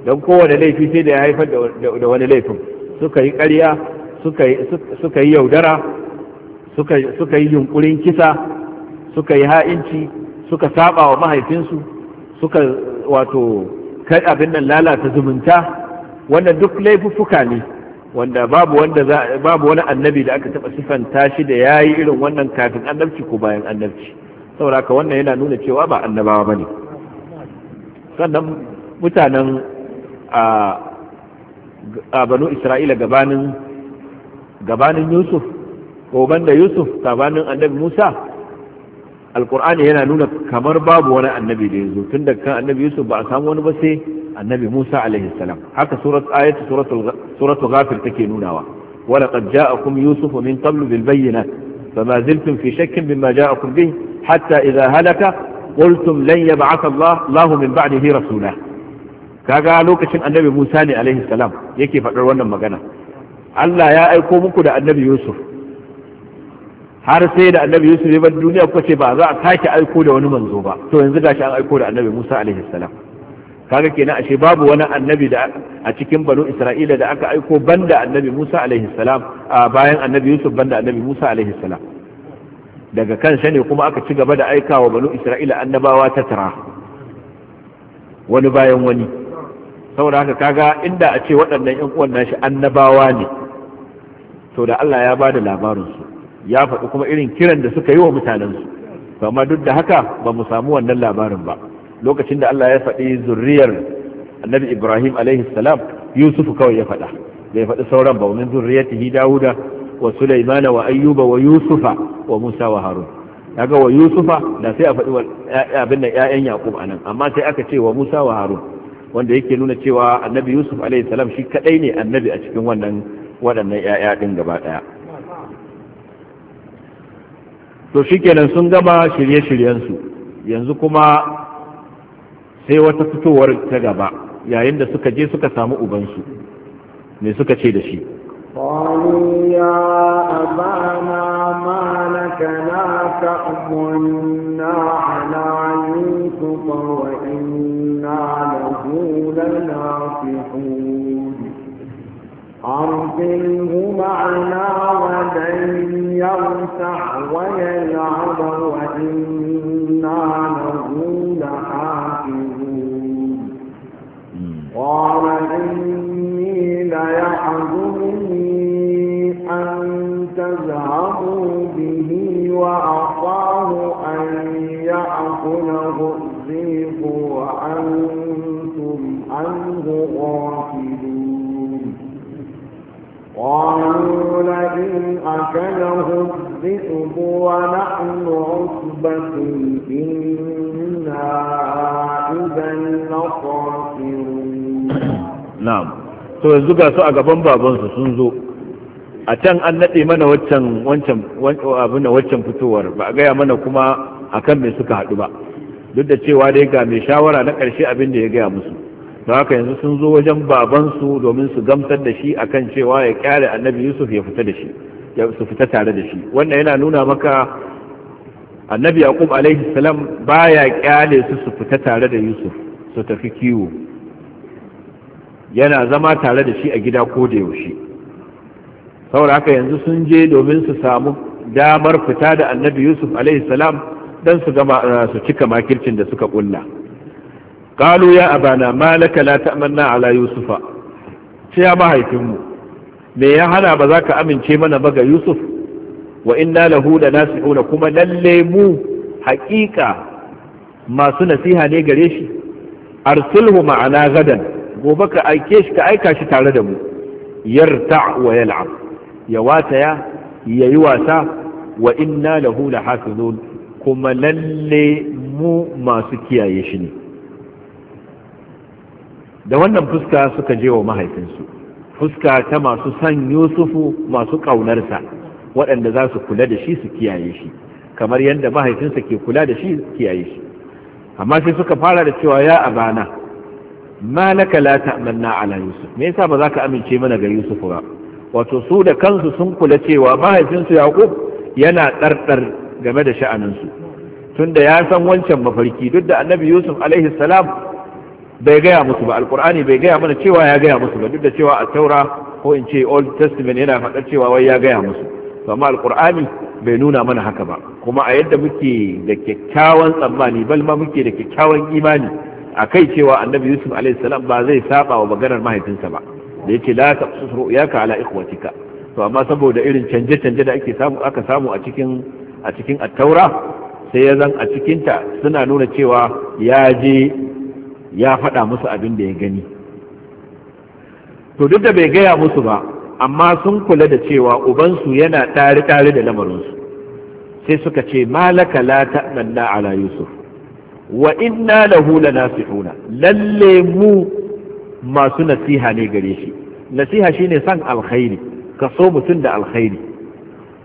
don kowane laifi sai da ya haifar da wani laifin suka yi ƙarya suka yi yaudara suka yi yunkurin kisa suka yi ha'inci suka saba wa mahaifinsu suka wato kai abin nan lalata zumunta wannan duk laifuffuka ne wanda babu wanda za babu wani annabi da aka taba sifanta shi da yayi irin wannan kafin annabci ko bayan annabci saboda ka wannan yana nuna cewa ba annabawa bane sannan mutanen a banu isra'ila gabanin yusuf goban da yusuf gabanin annabi musa alkur'ani yana nuna kamar babu wani annabi da ya zo tun da kan annabi yusuf ba a samu wani ba sai annabi musa alaihi salam haka surat ayatu suratu ghafir take nunawa wala qad ja'akum yusuf min qablu bil bayyinat fama ziltum fi shakkin mimma ja'akum bih hatta idha halaka qultum lan yab'ath Allah Allah min ba'dihi rasulahu kaga lokacin annabi Musa ne alaihi salam yake faɗar wannan magana Allah ya aiko muku da annabi Yusuf har sai da annabi Yusuf ya bar duniya kuka ce ba za a sake aiko da wani manzo ba to yanzu gashi an aiko da annabi Musa alaihi salam kaga kenan ashe babu wani annabi da a cikin banu Isra'ila da aka aiko banda annabi Musa alaihi salam a bayan annabi Yusuf banda annabi Musa alaihi salam daga kansa ne kuma aka ci gaba da aikawa banu Isra'ila annabawa ta tara wani bayan wani saboda haka kaga inda a ce waɗannan yan uwan nashi annabawa ne to da Allah ya bada labarin su ya faɗi kuma irin kiran da suka yi wa mutanen su amma duk da haka ba mu samu wannan labarin ba lokacin da Allah ya faɗi zurriyar annabi Ibrahim alaihi salam Yusuf kawai ya faɗa bai faɗi sauran ba min zurriyatihi Dawuda wa Sulaimana wa Ayyuba wa Yusufa wa Musa wa Harun kaga wa Yusufa da sai a faɗi abin da ƴaƴan Yaqub anan amma sai aka ce wa Musa wa Harun wanda yake nuna cewa annabi yusuf alaihi salam shi kadai ne annabi a cikin wannan waɗannan yaya din gaba ɗaya to kenan sun gama shirye shiryen su yanzu kuma sai wata fitowar ta gaba yayin da suka je suka samu ubansu ne suka ce da shi
قالوا يا أبانا ما لك لا تأمنا على يوسف وإنا له لناصحون أرسله معنا ولن يرتح ويلعب وإنا له لحافظون قال إني ليحزن تذهبوا به وأعطاه أن يأكله الذئب وأنتم عنه غافلون قالوا لئن أكله الذئب ونحن عصبة إنا إذا لخاسرون
نعم to yanzu ga su a gaban babansu sun zo a can an nade mana waccan wancan abin waccan fitowar ba a gaya mana kuma akan me suka haɗu ba duk da cewa dai ga mai shawara na ƙarshe abin da ya gaya musu don haka yanzu sun zo wajen babansu domin su gamsar da shi akan cewa ya kyale annabi yusuf ya fita da shi ya su fita tare da shi wannan yana nuna maka annabi yaqub alaihi salam baya kyale su su fita tare da yusuf su tafi kiwo yana zama tare da shi a gida ko da yaushe saboda haka yanzu sun je domin su samu damar fita da annabi yusuf alaihi don dan su gama eh, su cika makircin da suka kulla qalu ya abana malaka la ta'manna ala yusufa sai ya mahaifinmu me ya hana ba za ka amince mana ba ga yusuf wa inna lahu da nasi'una kuma lalle mu haƙiƙa masu nasiha ne gare shi arsulhu ma'ana gadan gobe ka aike shi ka aika shi tare da mu yarta wa yal'ab ya wataya ya yi wasa wa inna lahu lahafizun kuma lalle mu masu kiyaye shi ne da wannan fuska suka je wa mahaifinsu fuska ta masu san yusufu masu ƙaunarsa waɗanda za su kula da shi su kiyaye shi kamar yadda mahaifinsa ke kula da shi kiyaye shi amma sai suka fara da cewa ya abana ma laka la ta'manna ala yusuf me yasa ba za ka amince mana ga yusuf ba wato su da kansu sun kula cewa mahaifinsu yaƙub yana ɗarɗar game da sha'aninsu tunda ya san wancan mafarki duk da annabi yusuf alaihi salam bai gaya musu ba Alƙur'ani bai gaya mana cewa ya gaya musu ba duk da cewa a taura ko in ce old testament yana faɗar cewa wai ya gaya musu amma Alƙur'ani bai nuna mana haka ba kuma a yadda muke da kyakkyawan tsammani bal ma muke da kyakkyawan imani a kai cewa annabi yusuf alaihi salam ba zai saba wa maganar mahaifinsa ba da yake la taqsus ru'yaka ala ikhwatika to amma saboda irin canje-canje da ake samu aka samu a cikin a cikin at-taura sai ya zan a cikin ta suna nuna cewa ya je ya faɗa musu abin da ya gani to duk da bai gaya musu ba amma sun kula da cewa ubansu yana tare-tare da lamarinsu sai suka ce malaka la ta'manna ala yusuf wa inna lahu lanasihuna lalle mu masu nasiha ne gare shi nasiha shine san alkhairi ka so mutum da alkhairi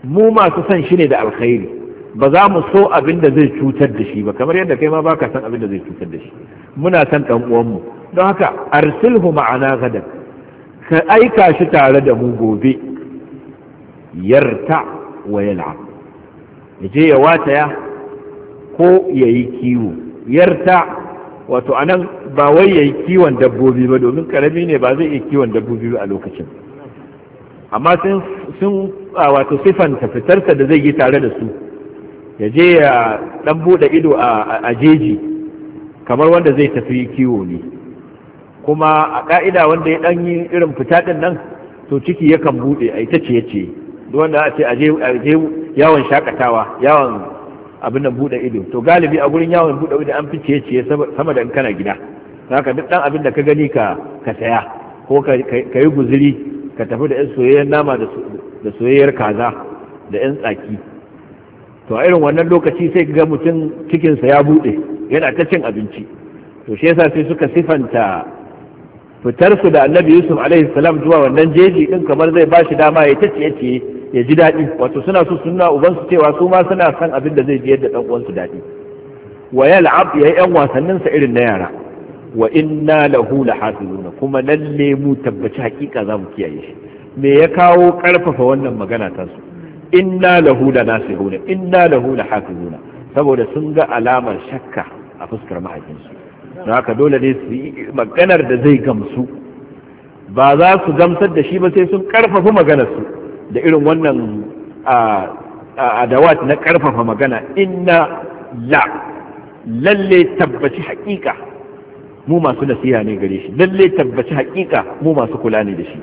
mu masu san shi ne da alkhairi ba za mu so abin da zai cutar da shi ba kamar yadda kai ma baka san abin da zai cutar da shi muna san dan mu. don haka arsilhu ma'ana gadan ka aika shi tare da mu gobe yarta wa yal'ab ya je ya wataya ko ya yi kiwo yarta wato nan ba wai ya yi kiwon dabbobi ba domin karami ne ba zai iya kiwon dabbobi ba a lokacin amma sun a wato siffan fitarsa da zai yi tare da su ya je ya dan bude ido a jeji kamar wanda zai tafi kiwo ne kuma a ka'ida wanda ya dan yi irin fita din nan to ciki yakan bude a ita ce ce, wanda a ce a yawon shakatawa yawon abin da bude ido to galibi a gurin yawon bude ido an fi ciye ciye sama da in kana gida haka duk ɗan abin da ka gani ka ka saya ko ka yi guziri ka tafi da yan soyayyen nama da soyayyar kaza da yan tsaki to a irin wannan lokaci sai ga mutum cikinsa ya bude yana ta cin abinci to shi yasa sai suka sifanta fitar su da annabi yusuf alaihi salam zuwa wannan jeji din kamar zai bashi dama ya ta ciye ciye ya ji daɗi wato suna so su nuna ubansu cewa su ma suna son abin da zai ji yadda ɗan uwansu daɗi wa yal'ab ya yi ƴan wasannin sa irin na yara wa inna lahu lahafizuna kuma ne mu tabbaci hakika za mu kiyaye shi me ya kawo karfafa wannan magana ta su inna lahu lanasihuna inna lahu lahafizuna saboda sun ga alamar shakka a fuskar mahaifinsu don haka dole ne su yi maganar da zai gamsu ba za su gamsar da shi ba sai sun karfafa maganarsu da irin wannan adawat na karfafa magana inna la lalle tabbaci hakika mu masu nasiha ne gare shi lalle tabbaci hakika mu masu kula ne da shi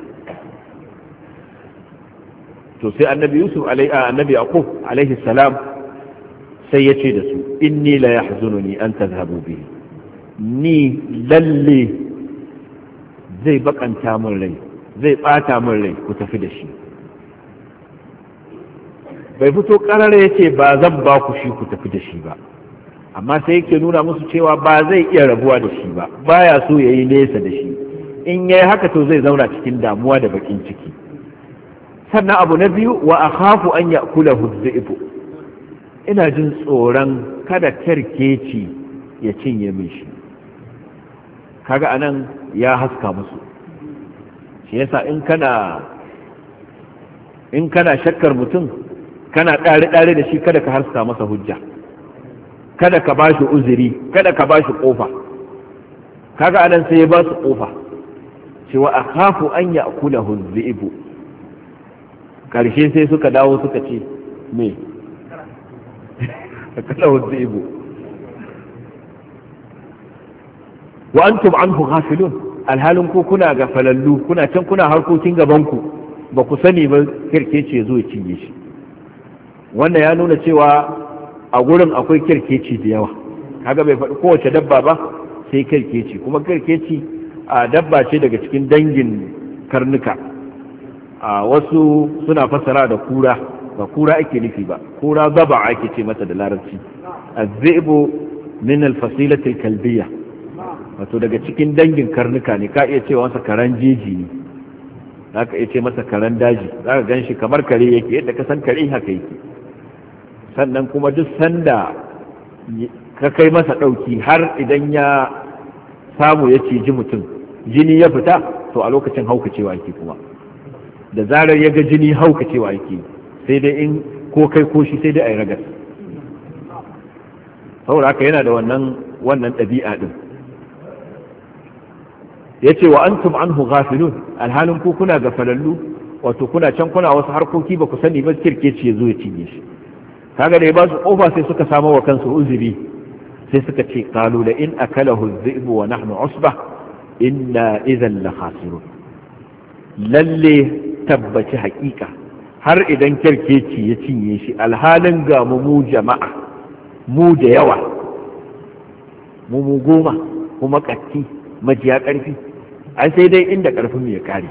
to sai annabi yusuf annabi yaqub alaihi salam sai ya ce da su inni la ya ni an tadhhabu bihi ni lalle zai bakanta min rai zai bata min rai ku tafi da shi bai fito karara ya ce ba zan ba ku shi ku tafi da shi ba amma sai yake nuna musu cewa ba zai iya rabuwa da shi ba baya so ya yi nesa da shi in ya yi haka to zai zauna cikin damuwa da bakin ciki sannan abu na biyu wa hafu an ya'kula hudzaifu ina jin tsoron kada kerkeci ya cinye min shi kaga anan ya haska musu shi yasa in kana in kana shakkar mutum kana ɗare ɗare da shi kada ka harsa masa hujja kada ka ba shi uzuri kada ka ba shi ƙofa kaga anan sai ya ba su ƙofa cewa a kafu an ya kula hunzibu ƙarshe sai suka dawo suka ce me kala *laughs* hunzibu wa antum anhu ghafilun alhalin ku kuna gafalallu kuna can kuna harkokin gabanku ba ku sani ba kirkece ce zo ya cinye shi wannan ya nuna cewa a gurin akwai kirkeci da yawa kaga bai faɗi kowace dabba ba sai kirkeci kuma kirkeci a dabba ce daga cikin dangin karnuka a wasu suna fassara da kura ba kura ake nufi ba kura zaba ake ce mata da larabci azibu min alfasilati kalbiya wato daga cikin dangin karnuka ne ka iya cewa masa karan jeji ne zaka iya ce masa karan daji zaka ganshi kamar kare yake yadda ka san kare haka yake sannan kuma duk sanda ka kai masa ɗauki har idan ya samu ya ciji mutum jini ya fita to a lokacin haukacewa yake kuma da zarar ya ga jini haukacewa yake sai dai in ko kai ko shi sai dai a yi ragar. saboda haka yana da wannan wannan ɗabi'a ɗin ya ce wa an antum anhu gafilun alhalin ku kuna farallu? wato kuna can kuna wasu harkoki ba ku sani ba kirkeci ya zo ya cinye shi kaga da ya ba su kofa sai suka samo wa kansu uzuri sai suka ce qalu in a kala wa nahnu usba inna idhan la khasirun lalle tabbaci haƙiƙa har idan kyarkeci ya cinye shi alhalin ga mu jama'a mu da yawa mu mu goma kuma ƙarfi majiya ƙarfi ai sai dai inda ƙarfin ya kare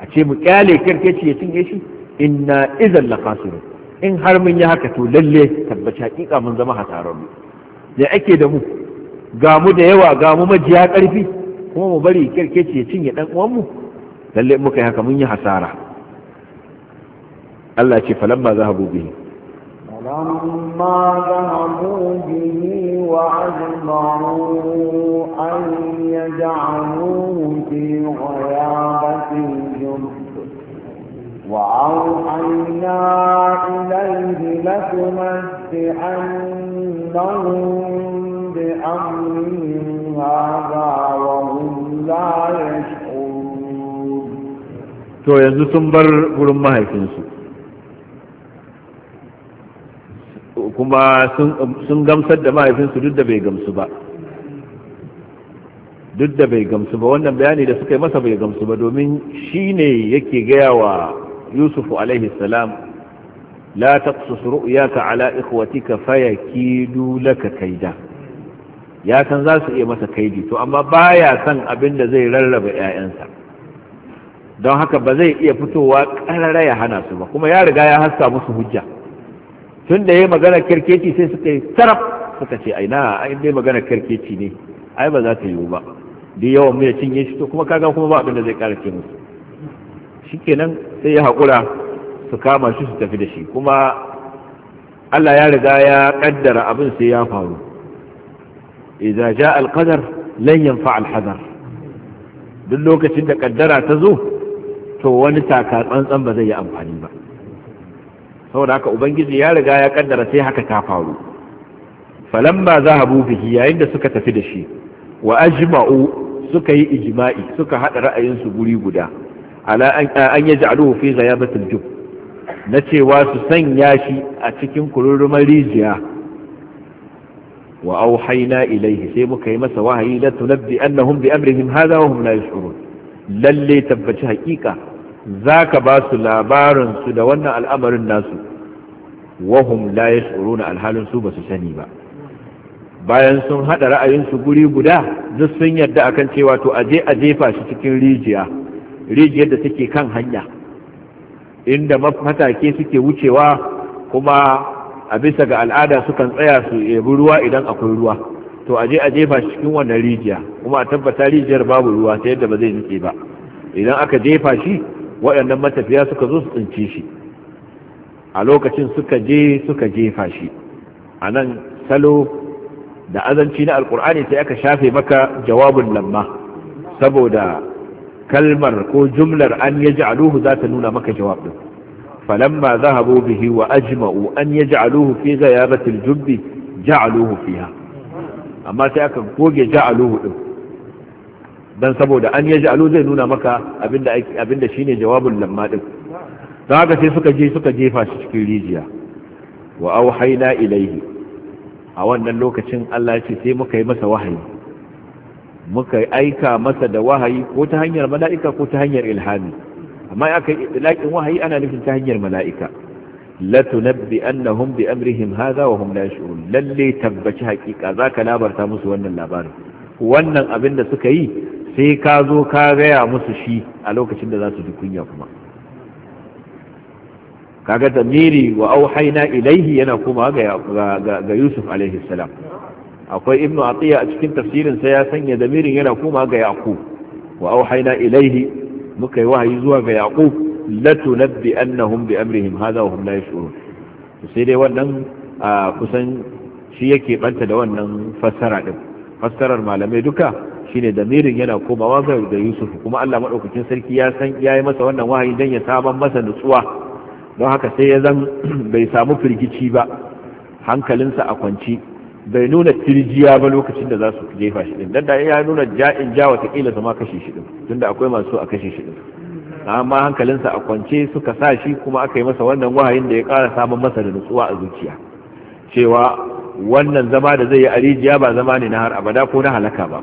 a ce mu kyale kyarkeci ya cinye shi inna izan la in har mun yi haka to lalle tabbaci hakika mun zama hasararru da ake da mu ga mu da yawa ga mu majiya karfi kuma mu bari kirkeci ya cinye dan uwan mu lalle muka yi haka mun yi hasara Allah ce falamma zahabu bihi
فلما ذهبوا به وأجمعوا أن يجعلوه في غيابة الجب وأوحينا إليه لتمتعنهم بأمرهم هذا وهم لا يشعرون
to yanzu sun bar gurin mahaifinsu kuma sun gamsar da mahaifinsu duk da bai gamsu ba duk da bai gamsu ba wannan bayani da suka yi masa bai gamsu ba domin shi ne yake gaya wa يوسف عليه السلام لا تقصص رؤياك على إخوتك فيكيدوا لك كيدا ya san za su iya masa kaidi to amma baya san abin da zai rarraba 'ya'yansa don haka ba zai iya fitowa ƙarara ya hana su ba kuma ya riga ya haska musu hujja tun da ya magana kirkeci sai suka yi saraf suka ce aina ai dai magana kirkeci ne ai ba za ta yiwu ba duk yawan mu ya cinye to kuma kaga kuma ba abin da zai ƙara ce musu shikenan sai ya haƙura su kama shi su tafi da shi kuma Allah ya riga ya kaddara abin sai ya faru idza jaa alqadar lan yanfa alhadar duk lokacin da kaddara ta zo to wani taka tsantsan ba zai yi amfani ba saboda haka ubangiji ya riga ya kaddara sai haka ta faru falamma zahabu bihi yayin da suka tafi da shi wa ajma'u suka yi ijima'i suka hada ra'ayinsu guri guda ala an yaj'aluhu fi ghayabatil jub na cewa su sanya shi a cikin kururuman rijiya wa auhayna ilayhi sai muka yi masa wahayi la tunabbi annahum bi amrihim hadha wa hum la yash'urun lalle tabbaci hakika zaka ba su labarin su da wannan al'amarin nasu wa hum la yash'urun alhalin su basu sani ba bayan sun hada ra'ayin su guri guda duk sun yarda akan cewa to aje a jefa shi cikin rijiya rijiyar da take kan hanya inda matake suke wucewa kuma a bisa ga al'ada sukan tsaya su yabi ruwa idan akwai ruwa to aje a jefa shi cikin wannan rijiya kuma a tabbata rijiyar babu ruwa ta yadda ba zai nutse ba idan aka jefa shi waɗannan matafiya suka zo su tsinci shi a lokacin suka je suka jefa shi a nan salo da azanci na alkur'ani sai aka shafe maka jawabin lamma saboda kalmar ko jumlar an yaj'aluhu za ta nuna maka jawab din falamma zahabu bihi wa ajma'u an yaj'aluhu fi ghayabati al-jubb ja'aluhu fiha amma sai aka goge aluhu din Don saboda an aluhu zai nuna maka abinda shi ne jawabul lamma din Za ka sai suka je suka jefa shi cikin rijiya wa auhayna ilaihi a wannan lokacin Allah ce sai muka yi masa wahayi muka aika masa da wahayi ko ta hanyar mala'ika ko ta hanyar ilhami amma aka yi ilaƙin wahayi ana nufin ta hanyar mala'ika latunabbi annahum bi amrihim hadha wa hum lalle tabbaci Za zaka labarta musu wannan labarin wannan abin da suka yi sai ka zo ka gaya musu shi a lokacin da za su ji kunya kuma kaga zamiri wa auhaina ilaihi yana kuma ga ga Yusuf alaihi salam akwai ibnu atiya a cikin tafsirin sa ya sanya damirin yana koma ga yaqub wa auhayna ilaihi muka yi wahayi zuwa ga yaqub latunabbi annahum bi amrihim hadha wa hum la yash'urun sai dai wannan kusan shi yake banta da wannan fassara din fassarar malamai duka shine damirin yana wa ga da Yusuf kuma Allah madaukakin sarki ya san masa wannan wahayi dan ya saban masa nutsuwa don haka sai ya zan *clears throat* bai samu firgici ba hankalinsa a kwanci bai nuna tirjiya ba lokacin da za su jefa shi din dan da ya nuna ja'in ja wata kila zama kashe shi din tunda akwai masu a kashe shi din amma hankalinsa a kwance suka sa shi kuma aka yi masa wannan wahayin da ya kara samun masa da nutsuwa a zuciya cewa wannan zama da zai yi a rijiya ba zama ne na har abada ko na halaka ba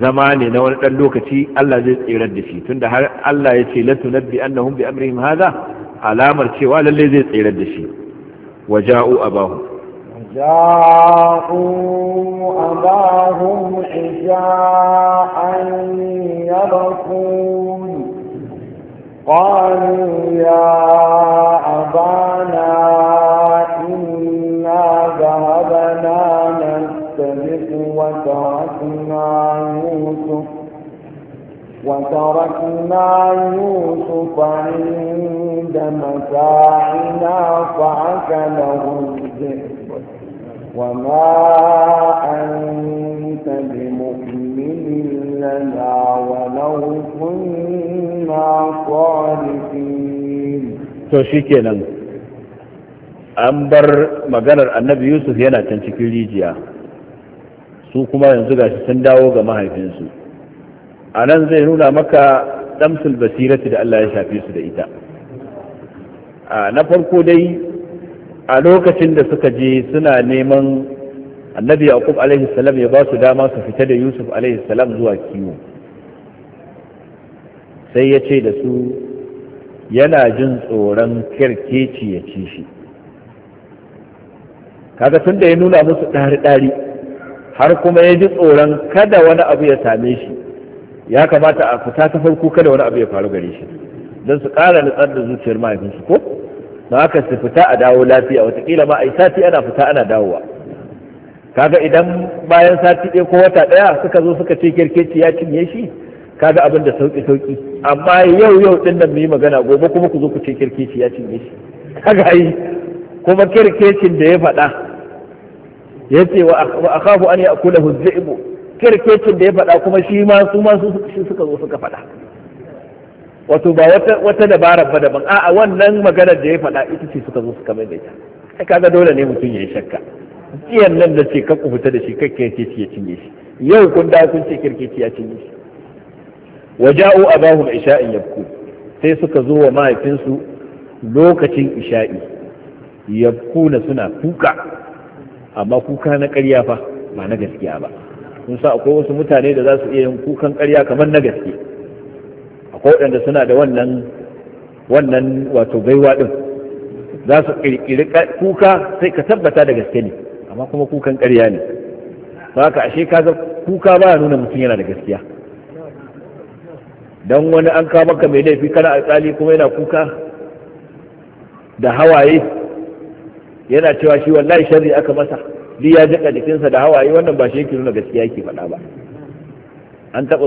zama ne na wani dan lokaci Allah zai tsirar da shi tunda har Allah ya ce nabbi annahum bi amrihim hadha alamar cewa lalle zai tsirar da shi waja'u abahu
جاءوا أباهم عشاء يبكون قالوا يا أبانا إنا ذهبنا نستبق وتركنا يوسف وتركنا يوسف عند متاعنا فأكله الذئب وما أنت بمؤمن لنا ولو كنا صادقين
an bar maganar annabi yusuf yana can cikin rijiya su kuma yanzu ga shi sun dawo ga mahaifinsu a nan zai nuna maka damsul basirati da allah ya shafe su da ita na farko dai a lokacin da suka je suna neman annabi yaqub alaihi salam ya ba su dama su fita da yusuf alaihi salam zuwa kiwo sai ya ce da su yana jin tsoron kerkeci ya ci shi kaga tun da ya nuna musu ɗari-ɗari har kuma ya ji tsoron kada wani abu ya same shi ya kamata a fita ta farko kada wani abu ya faru gare shi don su ƙara nutsar da zuciyar mahaifinsu ko na haka su fita a dawo lafiya watakila ma a yi sati ana fita ana dawowa kaga idan bayan sati ɗaya ko wata ɗaya suka zo suka ce kirkeci ya cinye shi kaga abin da sauki sauki amma yau yau ɗin nan mu magana gobe kuma ku zo ku ce kirkeci ya cinye shi kaga yi kuma kirkecin da ya faɗa ya ce wa akhafu an ya'kulahu dhi'bu kirkecin da ya faɗa kuma shi ma su ma su suka zo suka faɗa wato ba wata dabara ba daban a wannan maganar da ya faɗa ita ce suka zo kamar da ita ai kaga dole ne mutum ya yi shakka tsiyan nan da ce ka kubuta da shi kakke ce ya cinye shi yau kun da kun ce kirkeci ya cinye shi waja'u abahum isha'in yabku sai suka zo wa mahaifinsu lokacin isha'i yabku na suna kuka amma kuka na ƙarya fa ba na gaskiya ba kun sa akwai wasu mutane da za su iya yin kukan ƙarya kamar na gaskiya akwai waɗanda suna da wannan wannan wato gaiwa ɗin za su ƙirƙiri kuka sai ka tabbata da gaske ne amma kuma kukan ƙarya ne ba ka ashe ka kuka ba nuna mutum yana da gaskiya don wani an kawo maka mai laifi kana alƙali kuma yana kuka da hawaye yana cewa shi wallahi sharri aka masa duk ya jika jikinsa da hawaye wannan ba shi yake nuna gaskiya yake faɗa ba an taɓa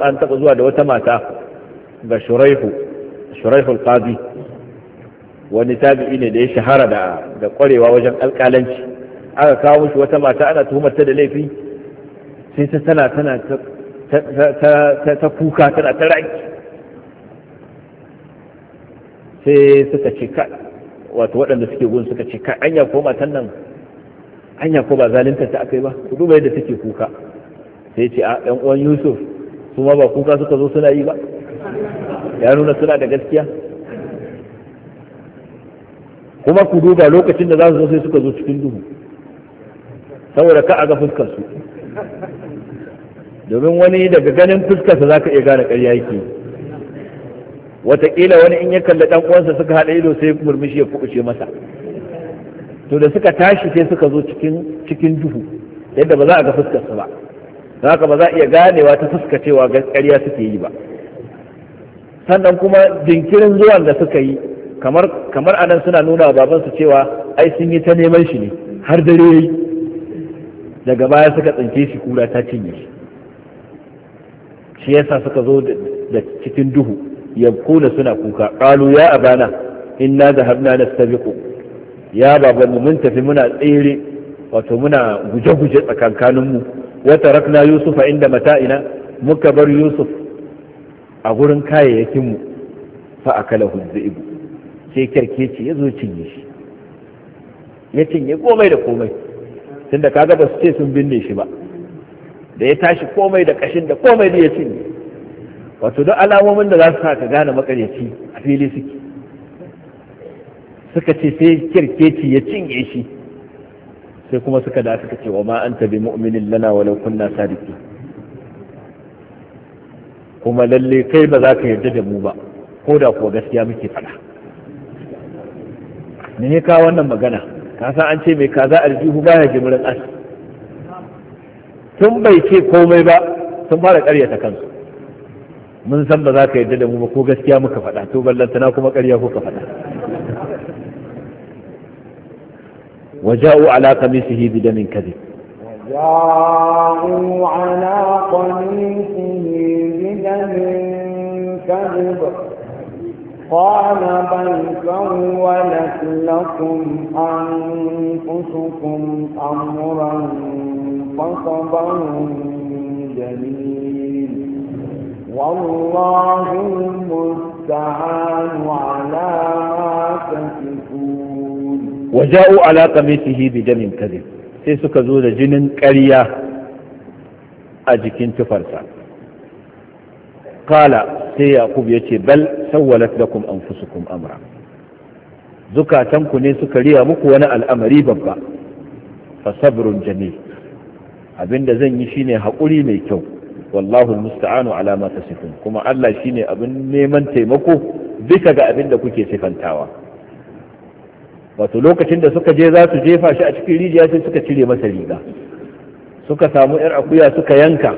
an taɓa zuwa da wata mata ga shuraihu shuraihu alqadi wani tabi'i ne da ya shahara da da kwarewa wajen alƙalanci aka kawo shi wata mata ana tuhumar ta da laifi sai ta tana tana ta kuka tana ta raki sai suka ce ka wato waɗanda suke gun suka ce ka anya ko matan nan anya ko ba zalunta ta akai ba ku duba yadda take kuka sai ce a ɗan uwan yusuf kuma ba kuka suka zo suna yi ba ya nuna suna da gaskiya kuma ku duba lokacin da za su zo sai suka zo cikin duhu saboda ka a ga fuskarsu domin wani daga ganin fuskarsa za ka iya gane ƙarya yake wataƙila wani in ya kalli ɗan uwansa suka haɗa ido sai murmushi ya kuɓuce masa to da suka tashi sai suka zo cikin cikin duhu yadda ba za a ga fuskarsa ba za ka ba za a iya ganewa ta fuskacewa ga ƙarya suke yi ba sannan kuma jinkirin zuwan da suka yi kamar kamar anan suna nuna wa babansu cewa ai sun yi ta neman shi ne har dare yi daga baya suka tsince shi kura ta cinye shi shi yasa suka zo da cikin duhu kuna suna kuka Ƙalu ya abana inna na sabiku ya baban mun tafi muna tsere wato muna guje-guje tsakankaninmu wata rakna Yusuf yusufa inda mata ina muka bar yusuf a gurin kayayyakinmu fa a kala ibu sai kyarkeci ya zo cinye shi ya cinye komai da komai tunda kaga ba su ce sun binne shi ba da ya tashi komai da kashin da komai da ya cinye wato duk alamomin da za su sa ka gane makaryaci a fili suke suka ce sai kirkeci ya cinye shi sai kuma suka da suka ce wa ma anta bi mu'minin lana walau kunna sadiqin kuma lalle kai ba za ka yarda da mu ba ko da kuwa gaskiya muke faɗa ne ka wannan magana ka san an ce mai kaza aljihu baya jimirin as tun bai ce komai ba sun fara ƙaryata kansu mun san ba za ka yarda da mu ba ko gaskiya muka faɗa to ballantana kuma ƙarya kuka faɗa وجاءوا على قميصه بدم كذب
جاءوا على قميصه بدم كذب قال بل سولت لكم أنفسكم أمرا فصبر جميل والله المستعان على ما تصفون
وجاءوا على قميصه بدم كذب sai suka zo da jinin ƙarya a jikin tufarsa kala sai yakub ya ce bal sawwalat lakum anfusukum amra zukatanku ne suka riya muku wani al'amari babba fa sabrun jamil abinda zan yi shine haƙuri mai kyau wallahu musta'anu ala ma tasifun kuma Allah shine abin neman taimako bisa ga abinda kuke sifantawa wato lokacin da suka je za su jefa shi a cikin rijiya sai suka cire masa riga suka samu yar akuya suka yanka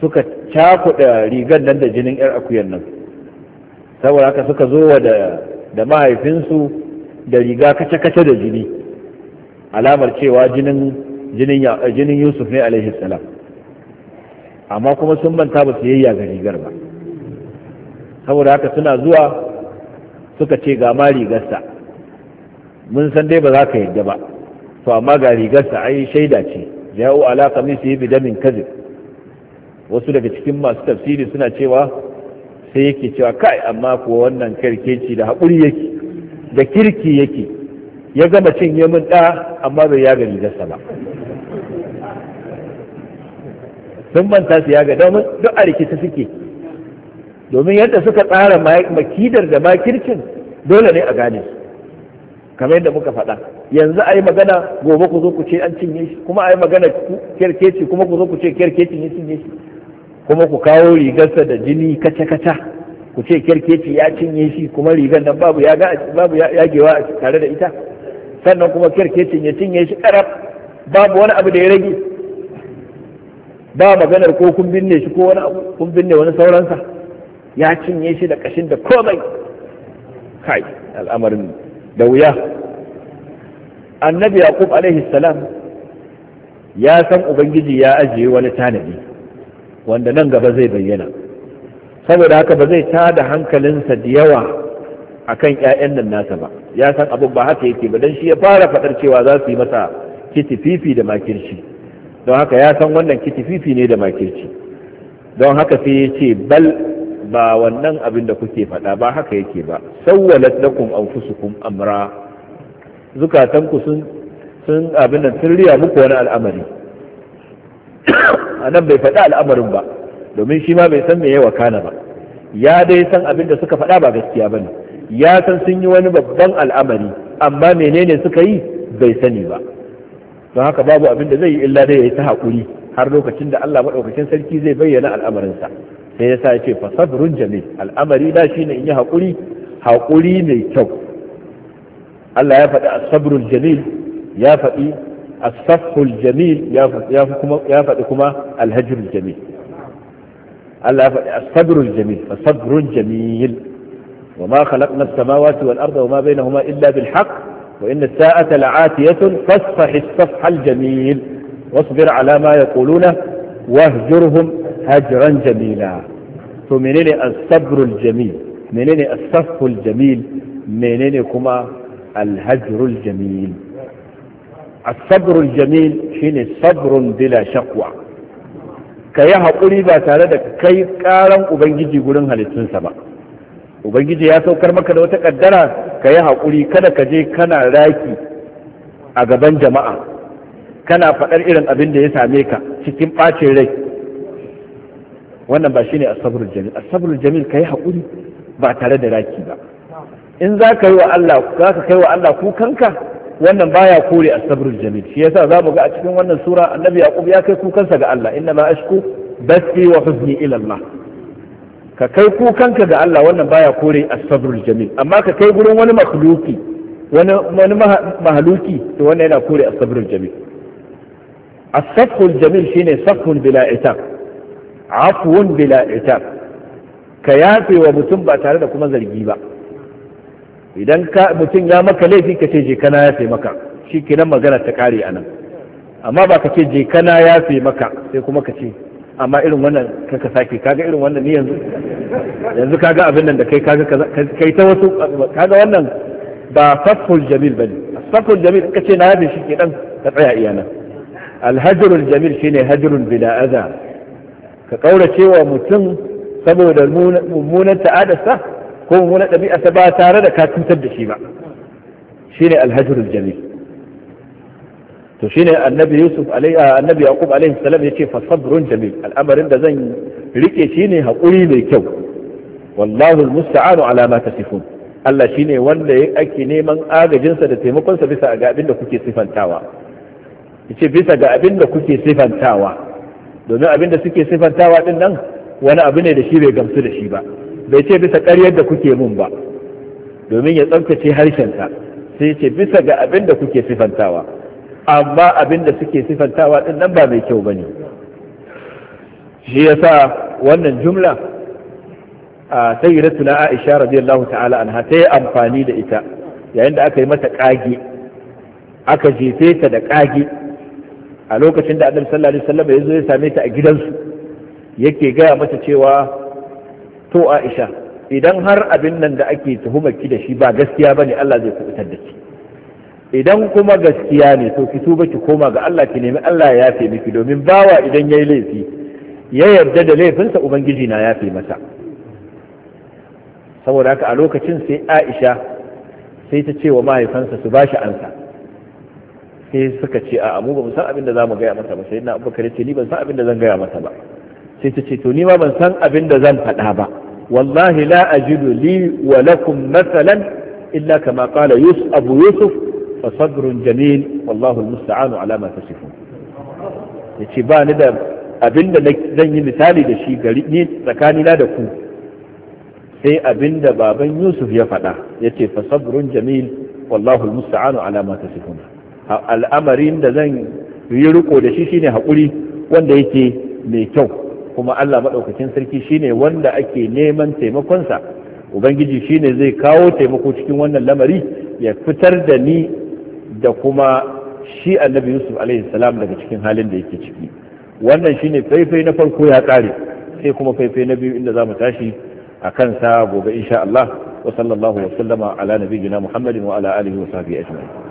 suka cakuɗa rigar nan da jinin yar akuyan nan saboda haka suka zo da da mahaifinsu da riga kace-kace da jini alamar cewa jinin jinin Yusuf ne alaihi salam amma kuma sun manta ba su yayya ga rigar ba saboda haka suna zuwa suka ce ga ma rigarsa mun san dai ba za ka yadda ba to amma ga rigarsa ai shaida ce ja'u ala qamisihi bi damin kadhib wasu daga cikin masu tafsiri suna cewa sai yake cewa kai amma ko wannan karkeci da haƙuri yake da kirki yake ya gama cinye yamin ɗa amma bai yaga rigarsa ba sun manta su yaga domin duk a rikici suke domin yadda suka tsara makidar da makircin dole ne a gane su kamar yadda muka faɗa yanzu a yi magana gobe ku zo ku ce an cinye shi kuma a yi magana kerkeci kuma ku zo ku ce kerkeci ya cinye shi kuma ku kawo rigarsa da jini kaca-kaca ku ce kerkeci ya cinye shi kuma rigar nan babu ya ga babu yagewa tare da ita sannan kuma kerkecin ya cinye shi karab babu wani abu da ya rage ba maganar ko kun binne shi ko wani abu kun binne wani sauransa ya cinye shi da kashin da komai kai al'amarin da wuya annabi yaqub alaihi salam ya san ubangiji ya ajiye wani tanadi wanda nan gaba zai bayyana saboda haka ba zai tada hankalinsa da yawa akan ƴaƴan nan nasa ba ya san abin ba haka yake ba dan shi ya fara fadar cewa za su yi masa kitififi da makirci don haka ya san wannan kitififi ne da makirci don haka sai ya ce bal ba wannan abin da kuke faɗa ba haka yake ba sawwalat lakum anfusukum amra zukatanku sun sun abin da sun riya muku wani al'amari anan bai faɗa al'amarin ba domin shi ma bai san me yawa kana ba ya dai san abin da suka faɗa ba gaskiya bane ya san sun yi wani babban al'amari amma menene suka yi bai sani ba don haka babu abin da zai yi illa dai ya yi ta haƙuri har lokacin da Allah maɗaukakin sarki zai bayyana al'amarinsa sai yasa yace fa sabrun jamil al'amari da shine in yi hakuri hakuri mai kyau Allah ya faɗi as-sabrul jamil ya faɗi as-safhul jamil ya faɗi kuma ya faɗi kuma al-hajrul jamil Allah ya faɗi as-sabrul jamil fa sabrun jamil وما خلقنا السماوات والأرض وما بينهما إلا بالحق وإن الساعة لعاتية فاصفح الصفح الجميل واصبر على ما يقولون واهجرهم hajran jamila to menene as-sabrul jamil menene as jamil menene kuma alhajrul jamil as jamil shine sabrun bila shakwa yi haƙuri ba tare da kai ƙaran ubangiji gurin halittunsa ba ubangiji ya saukar maka da wata ƙaddara ka yi haƙuri kada ka je kana raki a gaban jama'a kana faɗar irin abin da ya same ka cikin ɓacin rai wannan ba shine asabrul jamil asabrul jamil kai haƙuri ba tare da raki ba in za ka yi wa Allah za ka kai wa Allah kukanka wannan baya kore asabrul jamil shi yasa za mu ga a cikin wannan sura annabi yaqub ya kai kukansa ga Allah inna ma ashku basti wa huzni ila Allah ka kai kukanka ga Allah wannan baya kore asabrul jamil amma ka kai gurin wani makhluki wani wani mahaluki to wannan yana kore asabrul jamil asafhul jamil shine safhun bila itaq afuwun bila itab ka yafe wa mutum ba tare da kuma zargi ba idan ka mutum ya maka laifi ka ce je kana yafe maka shi kinan magana ta kare anan amma ba ka ce je kana yafe maka sai kuma ka ce amma irin wannan ka sake kaga irin wannan ni yanzu yanzu kaga abin nan da kai kaga kai ta wasu kaga wannan ba safful jamil bane safful jamil ce na yafe shi dan ka tsaya iyana alhajrul jamil shine hajrun bila adha ka kaurace cewa mutum saboda mummunan ta'adarsa ko mummunan ɗabi'arsa ba tare da ka cutar da shi ba Shi ne alhajrul jamil to shine annabi yusuf annabi yaqub alaihi salam ce fa sabrun jamil al'amarin da zan rike ne hakuri mai kyau wallahu almusta'anu ala ma tasifun Allah ne wanda ake neman agajinsa da taimakonsa bisa ga abin da kuke sifantawa yace bisa ga abin da kuke sifantawa domin abin da suke sifantawa din nan wani abu ne da shi bai gamsu da shi ba bai ce bisa ƙaryar da kuke mun ba domin ya tsaftace harshensa sai ce bisa ga abin da kuke sifantawa amma abin da suke sifantawa din nan ba mai kyau ba ne shi ya sa wannan jumla a ishara aisha lahu ta'ala anha ta yi amfani da ita yayin da aka yi mata ƙage aka jefe ta da ƙage a lokacin da annabi sallallahu alaihi wasallam ya zo ya same ta a gidansu yake gaya mata cewa to Aisha idan har abin nan da ake tuhumar ki da shi ba gaskiya bane Allah zai kubutar da ki idan kuma gaskiya ne to ki tuba ki koma ga Allah ki nemi Allah ya yafe miki domin bawa idan yayi laifi ya yarda da laifin sa ubangiji na yafe masa saboda haka a lokacin sai Aisha sai ta ce wa mahaifansa su bashi ansa sai suka ce a mu ba mu san abin da zamu gaya masa ba sai na abubakar ce ni ban san abin da zan gaya masa ba sai ta ce to ni ma ban san abin da zan faɗa ba wallahi la ajidu li wa lakum masalan illa kama qala yusuf abu yusuf fa sabrun jamil wallahu almusta'anu ala ma tasifun yace ba ni da abin da zan yi misali da shi gari ni tsakanina da ku sai abin da baban yusuf ya faɗa yace fa sabrun jamil wallahu almusta'anu ala ma tasifun al'amarin da zan yi riko da shi shine haƙuri wanda yake mai kyau kuma Allah maɗaukakin sarki shine wanda ake neman taimakonsa ubangiji shine zai kawo taimako cikin wannan lamari ya fitar da ni da kuma shi annabi yusuf alaihi salam daga cikin halin da yake ciki wannan shine faifai na farko ya ƙare sai kuma faifai na biyu inda za mu tashi a kansa gobe insha Allah wa sallallahu wa sallama ala nabiyyina Muhammadin wa ala alihi wa sahbihi ajma'in